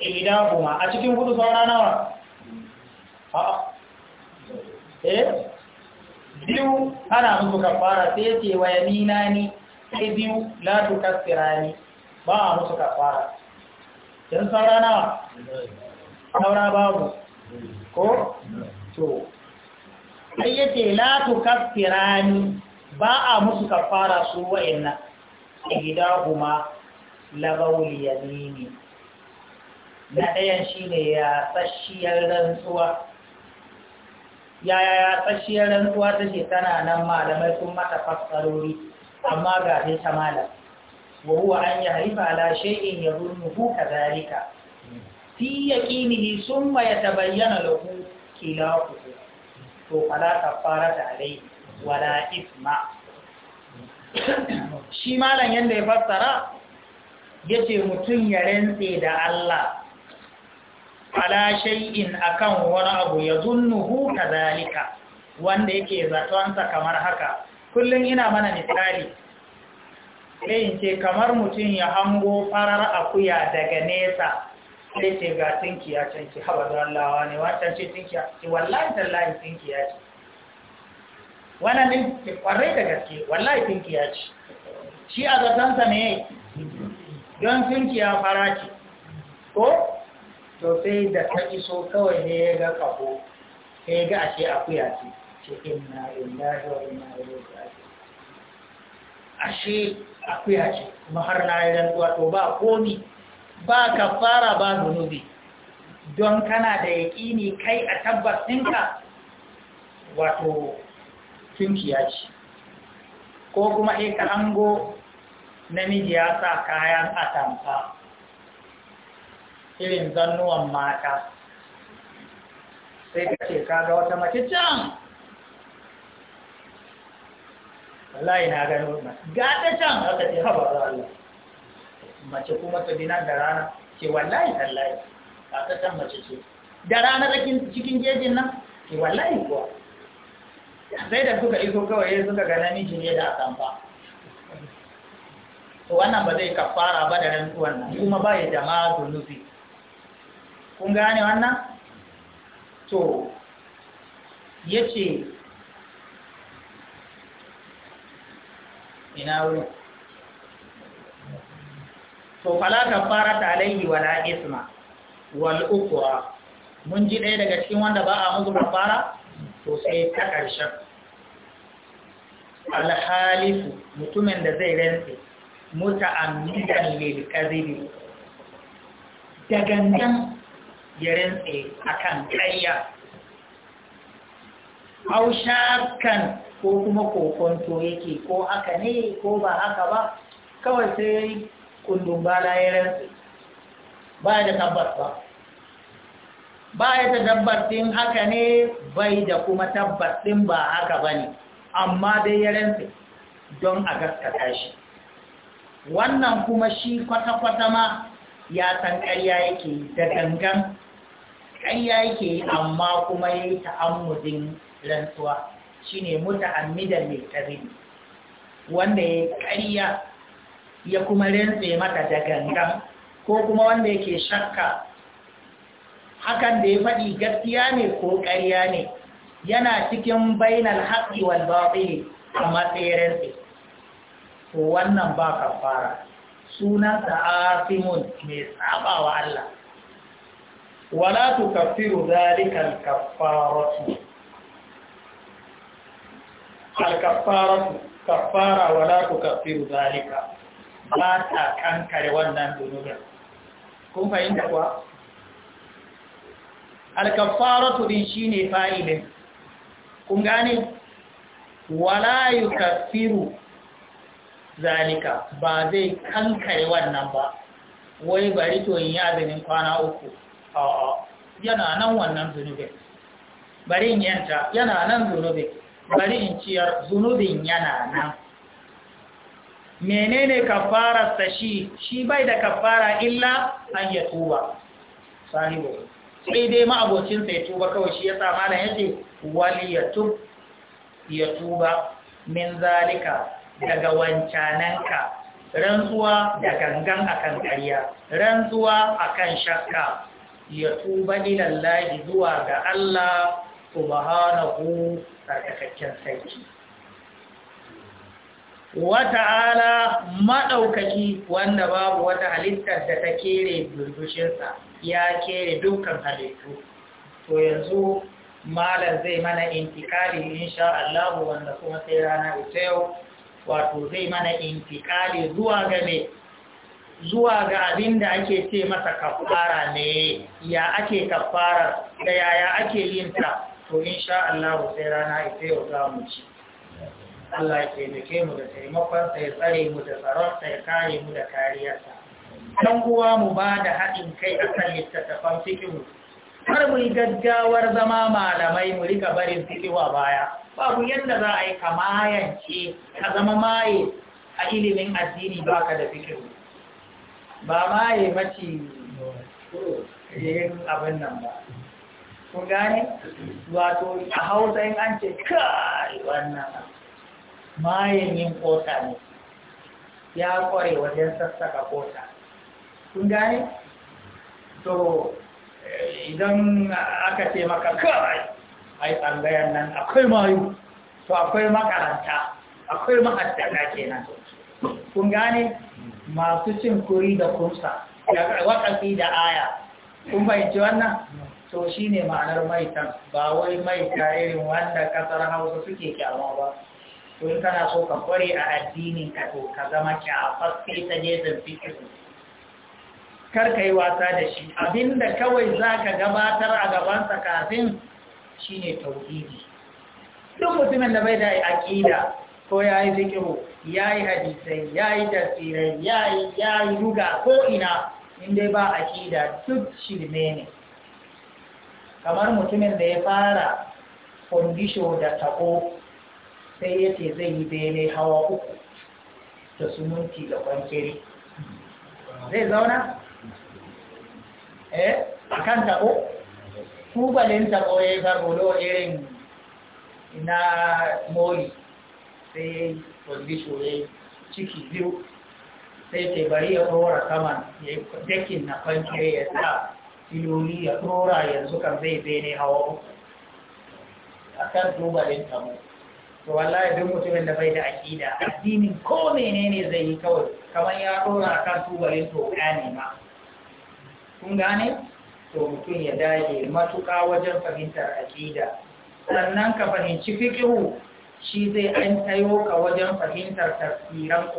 idan kuma a cikin hudu saura nawa a'a eh biyu ana musu kafara sai ce wa yamina ni sai biyu la tukaffirani ba a musu kafara dan saura nawa saura babu ko to ayyace la kafirani ba a musu kafara su wa'annan ihdahuma labawul yamini na ɗayan shine ya tsashiyar rantsuwa yaya ya tsashiyar rantsuwa ta take tana nan malamai sun mata fasarori amma ga zai ta malam wa huwa an Haifa ala shay'in yadhunnuhu zarika fi yaqinihi bayyana yatabayyana lahu kilahu to fara kafarata alayhi wala isma shi malam yadda ya fassara ya ce mutum ya rantse da Allah ala shay'in akan wani abu ya zunnuhu kazalika wanda yake zatonsa kamar haka kullum ina mana misali sai in ce kamar mutum ya hango farar akuya daga nesa sai ce ga tinkiya canki haɓa don lawa ne wancan ce tinkiya wallahi tallahi tinkiya ce wannan ne kwarai da gaske wallahi tunkiya ce shi a zatansa ne don tunkiya fara ce ko to sai da ta iso kawai ne ya ga kafo sai ya ga ashe akuya ce cikin na lillahi wa inna ilaihi raji'un ashe akuya ce kuma har na yi rantsuwa to ba komi ba ka fara, ba zunubi don kana da yaƙini kai a tabbas wato tunkiya ce ko kuma ka ango namiji ya sa kayan atamfa irin zannuwan mata sai ka ce kaga wata mace can wallahi na gano ga ta can haka ce haɓar za Allah mace kuma ta bi nan da rana ce wallahi tallahi ga ta can mace ce da rana cikin cikin jejin nan ke wallahi kuwa sai da suka iso kawai suka ga namiji ne da ba to wannan ba zai kafara ba da rantsuwan nan kuma ba ya jama'a nufi. kun gane wannan to ya ce ina wuri to fala kafara ta alaihi wa isma wal'ukwa mun ji ɗaya daga cikin wanda ba a mugu kafara to sai ta ƙarshen alhalifu mutumin da zai rantse muta'ammidan lil kadhibi da gangan ya rantse akan kan aw shakkan ko kuma kokonto yake ko haka ne ko ba haka ba kawai sai kundun ya rantse ba da tabbas ba ba ya ta dabbatin haka ne bai da kuma ɗin ba haka ba ne amma dai ya rantse don a gaskata shi wannan kuma shi kwata-kwata ma ya san ƙarya yake da gangan ƙarya yake amma kuma ya yi ta'ammudin rantsuwa shi ne amida mai ƙarfi wanda ya ƙarya ya kuma rantse mata da gangan ko kuma wanda yake shakka hakan da ya faɗi gaskiya ne ko ƙarya ne yana cikin bainal haqqi wal batil a matsayin Ko wannan ba kafara sunan ta'asimun mai wa Allah wala tukaffiru zalikal kaffaratu al kafaratu. kaffara wala tukaffiru zalika ba ta kankare wannan dunubin kun fahimta kuwa alkafaratu din shine fa'ilin kun gane wala yukaffiru zalika ba zai kankare wannan ba wai bari to in yi azumin kwana uku a'a yana nan wannan zunubin bari in yanta yana nan zunubin bari in ciyar zunubin yana nan menene kafararsa shi shi bai da kafara illa an ya tuba sahibu sai dai ma'abocinsa ya tuba kawai shi yasa malam yace wali tub ya tuba min zalika daga wancananka rantsuwa da gangan akan ƙarya rantsuwa akan shakka ya tuba ilallahi zuwa ga Allah subhanahu tsarkakakken sarki wata'ala maɗaukaki wanda babu wata halittar da ta kere burbushinsa ya kere dukkan halittu to yanzu malar zai mana intikali insha Allah wanda kuma sai rana ita yau wato zai mana intikali zuwa ga ne zuwa ga abin ake ce masa kafara ne ya ake kafara da yaya ake yinta to insha Allah sai rana ita yau za mu ci Allah ya taimake mu da taimakon sa ya tsare mu da tsaron sa ya kare mu da kariyarsa don kuwa mu ba da haɗin kai a kan littattafan cikin har mu yi gaggawar zama malamai mu rika barin cikiwa a baya babu yadda za a yi kamayance ka zama maye a ilimin addini ba ka da fikir. ba maye mace yin abin nan ba kun gane wato a hausa yin an ce kai wannan mayan yin kota ne ya kware wajen sassaka kota kun gane to eh, idan aka ce maka kawai ai tsangayen nan akwai mayu to akwai makaranta akwai mahaddata kenan kun gane masu cin kuri da kunsa wakafi da aya kun fahimci wannan to shine ma'anar maitan ba wai maita irin wanda kasar hausa suke kyawa ba to in kana so ka kware a addinin ka to ka zama fasfi ta jezin fikir. kar ka yi wasa da shi abinda kawai za ka gabatar a gabansa kafin shi ne tauhidi duk mutumin da bai da aƙida ko ya yi zikiru ya yi hadisai ya yi tasirai ya yi ruga ko ina inda ba aƙida duk shirme ne kamar mutumin da ya fara kondisho da tako sai ya ce zai yi bene hawa uku da sumunci da kwanciri zai zauna? eh a kan taɓo? tubalin taɓo ya yi garbolo irin na mori, sai ya yi position ya ciki biyu sai ce bari ya tsora saman ya yi dekin na kwanciri ya sa filoli ya tsora yanzu kan zai bene hawa uku a kan tubalin taɓo to wallahi duk mutumin da bai da aƙida addinin ko menene zai yi kawai kamar ya dora kan tubalin to ne ma kun gane to mutum ya dage matuƙa wajen fahimtar aƙida sannan ka fahimci fiqhu shi zai an tayo ka wajen fahimtar tafsiran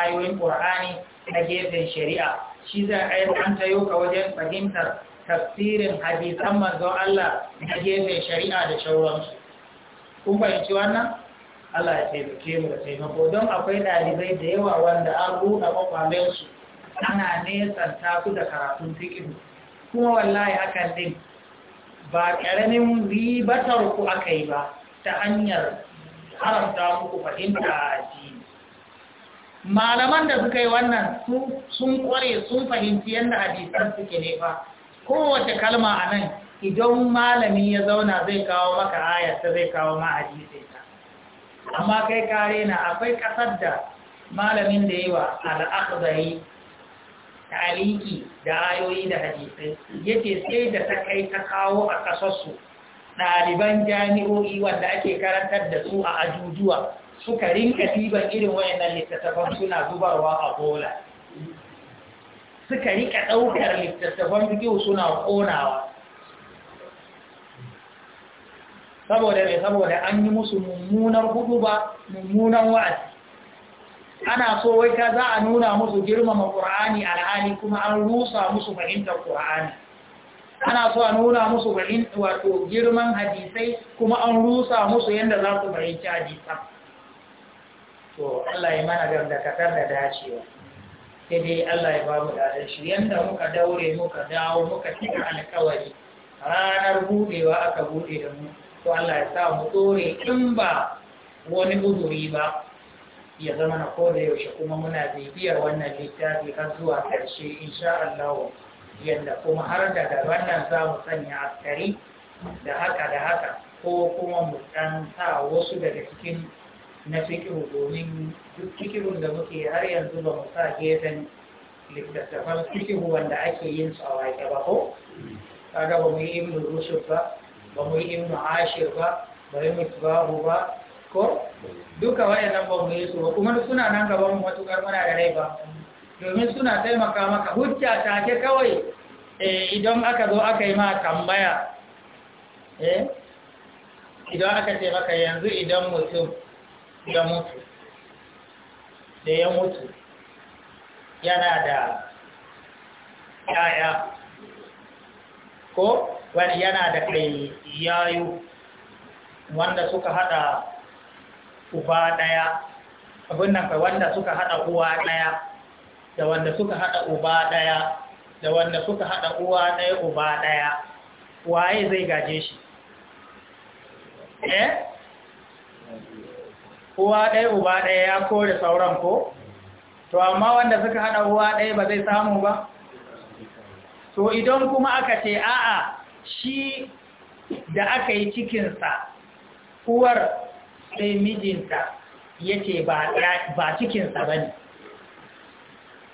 ayoyin ƙur'ani na gefen shari'a shi zai an tayo ka wajen fahimtar tafsirin hadisan manzon Allah na gefen shari'a da shauransu kun fahimci wannan Allah ya taimake mu da taimako don akwai ɗalibai da yawa wanda an ruɗa kwakwalensu ana nesanta su da karatun fikin kuma wallahi hakan din ba ƙaramin ribatar ku aka yi ba ta hanyar haramta muku fahimta a addini malaman da suka yi wannan sun ƙware sun fahimci yadda hadisan suke ne fa kowace kalma a nan idan malami ya zauna zai kawo maka ta, zai kawo ma ta amma kai kare na akwai kasar da malamin da yi wa al'akhdari aliki da ayoyi da hadisai yake sai da ta kai ta kawo a kasarsu ɗaliban jami'o'i wanda ake karantar da su a ajujuwa suka rinka ɗiban irin wayannan littattafan suna zubarwa a bola suka rika ɗaukar littattafan biyu suna ƙonawa saboda mai saboda an yi musu mummunar hudu ba mummunan wa'azi ana so wai ka za a nuna musu girmama ƙur'ani alhali kuma an rusa musu fahimtar ƙur'ani ana so a nuna musu wato girman hadisai kuma an rusa musu yadda za su fahimci hadisa to Allah ya mana gargakatar da dacewa sai dai Allah ya ba mu dadar shi yadda muka daure muka dawo muka cika alkawari ranar budewa aka bude da mu to Allah ya sa mu tsore in ba wani uzuri ba ya zama na koda yaushe kuma muna bibiyar wannan littafi har zuwa ƙarshe insha Allah yanda kuma har da wannan za mu sanya askari da haka da haka ko kuma mu ɗan sa wasu daga cikin na fikiru domin duk fikirun da muke har yanzu ba mu sa gefen littattafan fikiru wanda ake yin su a waƙe ba ko kaga ba mu yi rushd ba ba mu yi ibnu ashir ba ba yi misbahu ba ko duka wayannan ba mu yi su ba kuma suna nan gaban mu matukar mana da rai ba domin suna taimaka maka hujja ta ke kawai eh, idan aka zo aka yi ma tambaya eh, idan aka ce maka yanzu idan mutum ya mutu da ya mutu yana da yaya ko wani yana da kai yayu wanda suka hada uba daya abin nan kai wanda suka hada uwa daya da wanda suka hada uba daya da wanda suka hada uwa daya uba daya waye zai gaje shi eh uwa daya uba daya ya kore sauran ko to amma wanda suka hada uwa daya ba zai samu ba to idan kuma aka ce a'a shi da aka yi cikinsa uwar sai mijinta ya ce ba cikinsa ba ne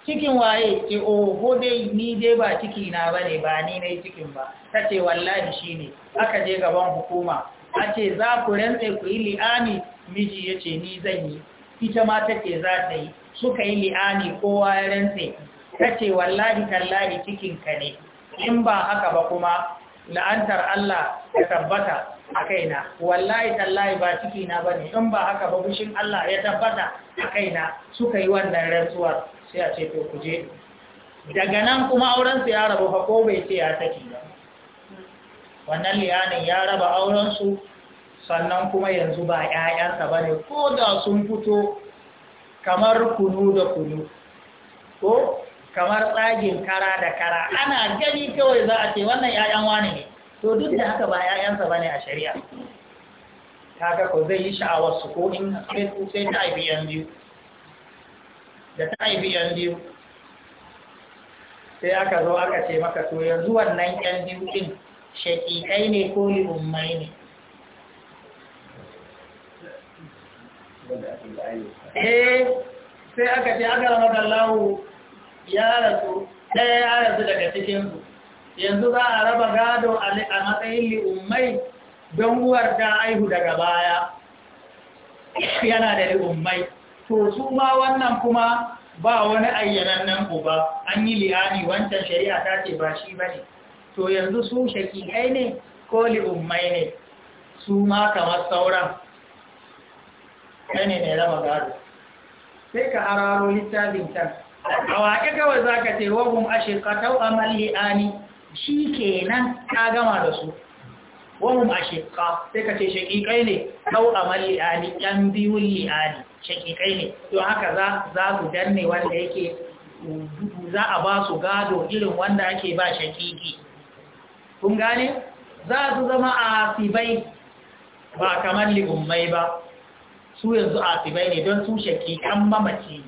cikin waye ke oho dai ni dai ba cikina ba ne ba ni na yi cikin ba ta ce wallahi shi ne aka je gaban hukuma a ce za ku rantse ku yi li'ani miji ya ce ni zan yi ita ma ta ce za ta yi suka yi li'ani kowa ya rantse ta ce wallahi tallahi cikinka ne in ba haka ba kuma la'antar Allah ya tabbata a kaina wallahi tallahi ba ciki na bane in ba haka ba bushin Allah ya tabbata a kaina suka yi wannan rantsuwar sai a ce to ku daga nan kuma auren su ya rabu fa ko bai ce ya saki ba wannan liyanin ya raba auren su sannan kuma yanzu ba ƴaƴansa bane ko da sun fito kamar kunu da kunu ko kamar tsagin kara da kara ana gani kawai za a ce wannan 'ya'yan wani ne to duk da haka ba 'ya'yansa ba ne a shari'a ta ko zai yi sha'awar su ko in sai ta haifi yan biyu da ta haifi yan biyu sai aka zo aka ce maka to yanzu wannan yan biyu din shaƙiƙai ne ko li'ummai ne eh sai aka ce aka ramar da ya rasu ɗaya ya rasu daga cikinsu yanzu za a raba gado a matsayin li'ummai don uwar ta aihu daga baya yana da li'ummai to su ma wannan kuma ba wani ayyanannen uba an yi li'ani wancan shari'a ta ce ba shi ba ne to yanzu su shakikai ne ko li'ummai ne su ma kamar sauran ɗane ne raba gado sai ka hararo littafin can a waƙe kawai za ka ce wahum a shekatau a ani shi ke nan ka gama da su wahum a shekka sai ka ce shakikai ne kau a ani ɗan biyun li'ani shakikai ne don haka za su danne wanda yake za a ba su gado irin wanda ake ba shakiki kun gane za su zama a sibai ba kamar li'ummai ba su yanzu a sibai ne don su shakikan mamaci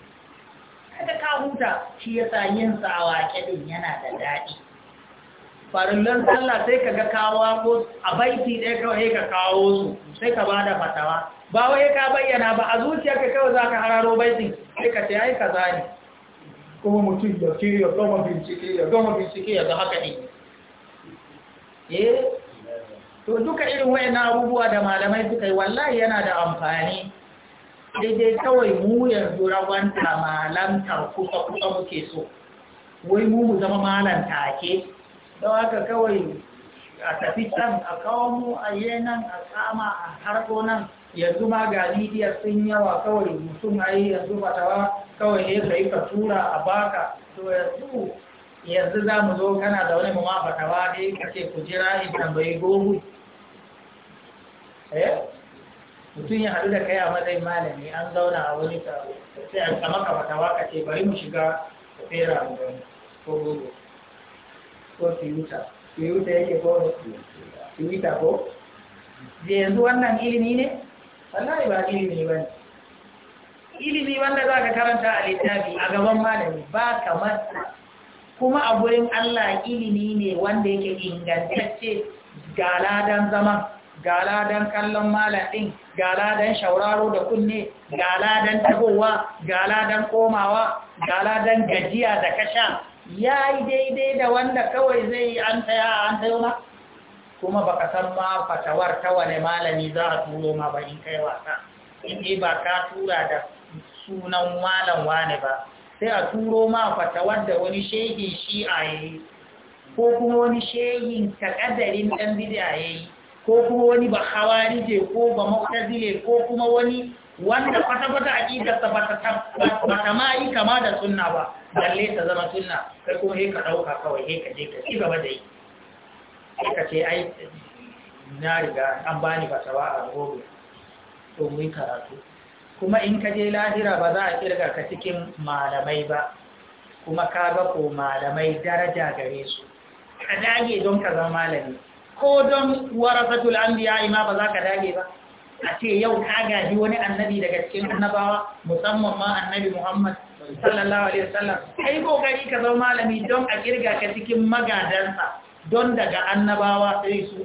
daga ka huta shi ya sa yin sawa din yana da daɗi farillan sallah sai ka ga kawo ko a baiti ɗaya kawai ka kawo su sai ka ba da fatawa ba wai ka bayyana ba a ka kawai za ka hararo baitin sai ka ce ka zane kuma mutum ya ce ya zama bincike ya gama bincike ya ga haka ne eh to duka irin wayannan abubuwa da malamai suka yi wallahi yana da amfani Daidai kawai mu yanzu rawanta malantar kusa kusa muke so wai mu mu zama malam take don haka kawai a tafi can a kawo mu a yi nan a kama a harko nan yanzu ma ga lidiyar sun yawa kawai mutum a yi yanzu ba ta kawai ne ka yi ka tura a baka to yanzu yanzu za mu zo kana da wani mamma ba ta ba ne ka ce ku jira in tambayi gobe mutum ya haɗu da kai a matsayin malami an zauna a wani taro sai a tsama ka fata waka ce bari mu shiga da fera mu gani ko gogo ko tiyuta tiyuta yake ko tiyuta ko je yanzu wannan ilimi ne wallahi ba ilimi ba ne ilimi wanda za ka karanta a littafi a gaban malami ba kamar kuma a gurin Allah ilimi ne wanda yake ingantacce ga ladan zama Gala don kallon malaɗin gala don shauraro da kunne gala don tagowa gala don komawa gala don gajiya da kasha ya yi daidai da wanda kawai zai yi an taya an tayo ma kuma baka san ma fatawar ta wane malami za a turo ma ba in kai wasa in ba ka tura da sunan malam wane ba sai a turo ma fatawar da wani shehin shi'a yayi ko kuma wani shehin takadarin dan bid'a yayi ko kuma wani ba ce ko ba mu'tazile ko kuma wani wanda kwata-kwata aqidarsa ba ta ma kama da sunna ba balle ta zama sunna kai kuma sai ka dauka kawai sai ka je ka ci gaba da yi sai ka ce ai na riga an bani fatawa a gobe to mu yi karatu kuma in ka je lahira ba za a kirga ka cikin malamai ba kuma ka ga ko malamai daraja gare su ka dage don ka zama malami ko don warasatul anbiya ima ba za ka dage ba a ce yau ka gaji wani annabi daga cikin annabawa musamman ma annabi Muhammad sallallahu alaihi wasallam kai kokari ka zama malami don a kirga ka cikin magadansa don daga annabawa sai su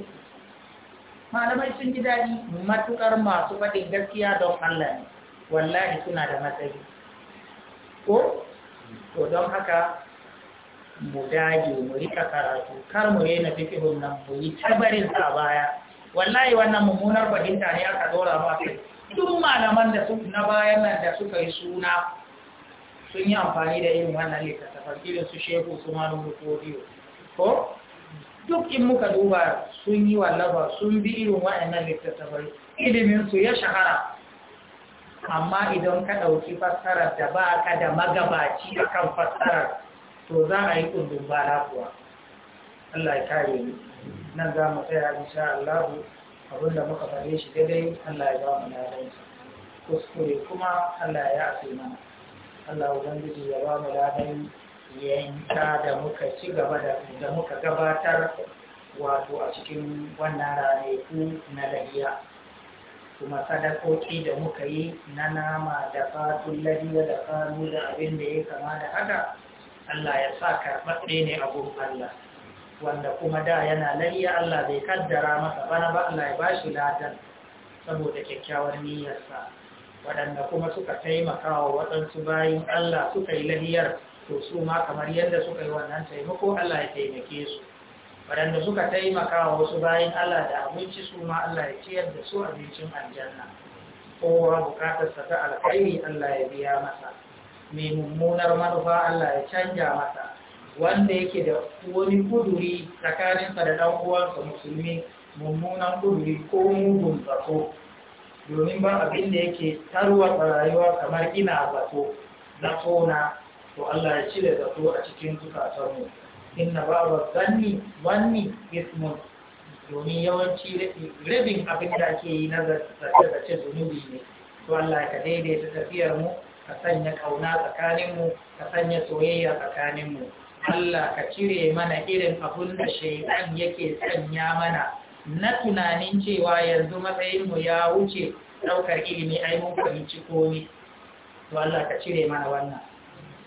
malamai sun ji daɗi matukar masu faɗin gaskiya don Allah ne wallahi suna da matsayi ko to don haka mu dage mu rika karatu kar mu rena fikihun nan mu yi tabarin sa baya wallahi wannan mummunar fahimta ne aka dora ba kai duk malaman da su na bayan nan da suka yi suna sun yi amfani da irin wannan littattafan irin su shehu su manu rufodiyo ko duk in muka duba sun yi wallafa sun bi irin waɗannan littattafan ilimin su ya shahara amma idan ka ɗauki fassarar da ba ka da magabaci kan fassarar to za a yi kundin bala kuwa Allah ya kare ni nan za mu tsaya insha Allah da muka fare shi daidai Allah ya ba mu ladanci kuskure kuma Allah ya afi mana Allah ubangiji ya ba mu ladan yanka da muka ci gaba da da muka gabatar wato a cikin wannan ranaku na lahiya kuma sadakoki da muka yi na nama da fatun lahiya da kanu da abin da ya kama da haka Allah ya sa karɓaɓɓe ne a Allah wanda kuma da yana layya Allah bai kaddara masa bana ba Allah ya bashi ladan saboda kyakkyawar niyyarsa waɗanda kuma suka taimaka wa waɗansu bayin Allah suka yi lahiyar to su ma kamar yadda suka yi wannan taimako Allah ya taimake su waɗanda suka taimaka wa wasu bayan Allah da abinci su ma Allah ya ciyar da su abincin aljanna kowa bukatarsa ta alkhairi Allah ya biya masa mai mummunar manufa Allah ya canja masa wanda yake da wani kuduri tsakaninsa da ɗan uwansa musulmi mummunan kuduri ko mugun zato domin ba abin da yake tarwata rayuwa kamar ina zato zato na to Allah ya cire zato a cikin zukatanmu inna wa zanni wanni ismun domin yawanci rabin abin da ake yi na zace zunubi ne to Allah ka daidaita tafiyar mu ka sanya kauna tsakaninmu ka sanya soyayya tsakaninmu Allah ka cire mana irin abun da shaidan yake sanya mana na tunanin cewa yanzu matsayinmu ya wuce ɗaukar ilimi ai mun fahimci komi to Allah ka cire mana wannan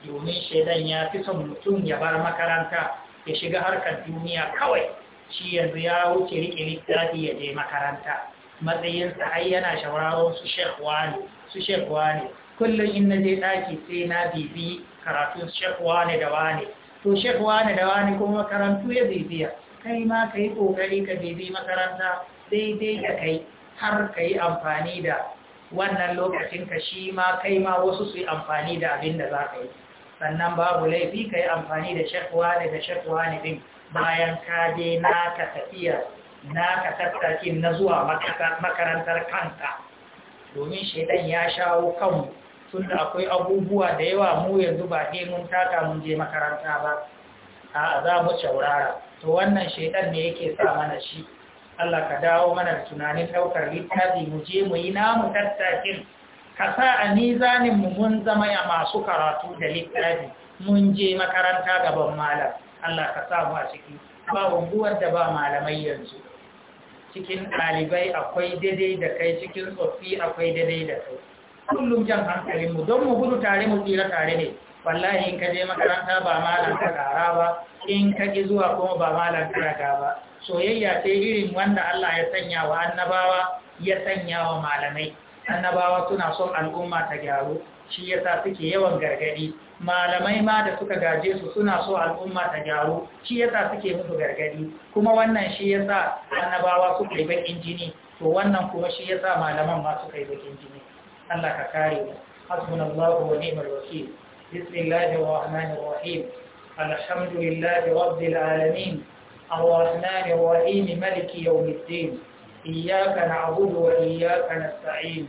domin shaidan ya fi son mutum ya bar makaranta ya shiga harkar duniya kawai shi yanzu ya wuce riƙe littafi ya je makaranta matsayinsa ai yana shawararun su ne su ne kullum in na je ɗaki sai na bibi karatun shekwa ne da wane to shekwa ne da wane kuma makarantu ya bibiya kai ma ka yi ƙoƙari ka bibi makaranta daidai da kai har ka yi amfani da wannan lokacin ka shi ma kai ma wasu su yi amfani da abin da za ka yi sannan babu laifi ka yi amfani da shekwa ne da shekwa ne din bayan ka je na ka tafiya na ka tattakin na zuwa makarantar kanka domin shaidan ya shawo kanmu tun da akwai abubuwa da yawa mu yanzu ba de mun taka mun je makaranta ba a za mu shaurara to wannan shaidan ne yake sa mana shi Allah ka dawo mana tunanin ɗaukar littafi mu je mu yi namu tattakin ka sa a nizanin mu mun zama ya masu karatu da littafi mun je makaranta gaban malam Allah ka sa mu a ciki ba unguwar da ba malamai yanzu cikin ɗalibai akwai daidai da kai cikin tsoffi akwai daidai da kai kullum jan hankalinmu don mu gudu tare mu tsira tare ne wallahi in ka je makaranta ba malam ka kara ba in ka ki zuwa kuma ba malam ka raga ba soyayya ce irin wanda Allah ya sanya wa annabawa ya sanya wa malamai annabawa suna son al'umma ta gyaru shi ya sa suke yawan gargadi malamai ma da suka gaje su suna so al'umma ta gyaru shi ya sa suke musu gargadi kuma wannan shi yasa annabawa suka yi bakin jini to wannan kuma shi ya sa malaman ma suka yi bakin jini Allah ka kare mu hasbunallahu wa ni'mal wakeel bismillahir rahmanir rahim alhamdulillahi rabbil alamin arrahmanir rahim maliki yawmiddin iyyaka na'budu wa iyyaka nasta'in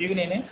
biyu ne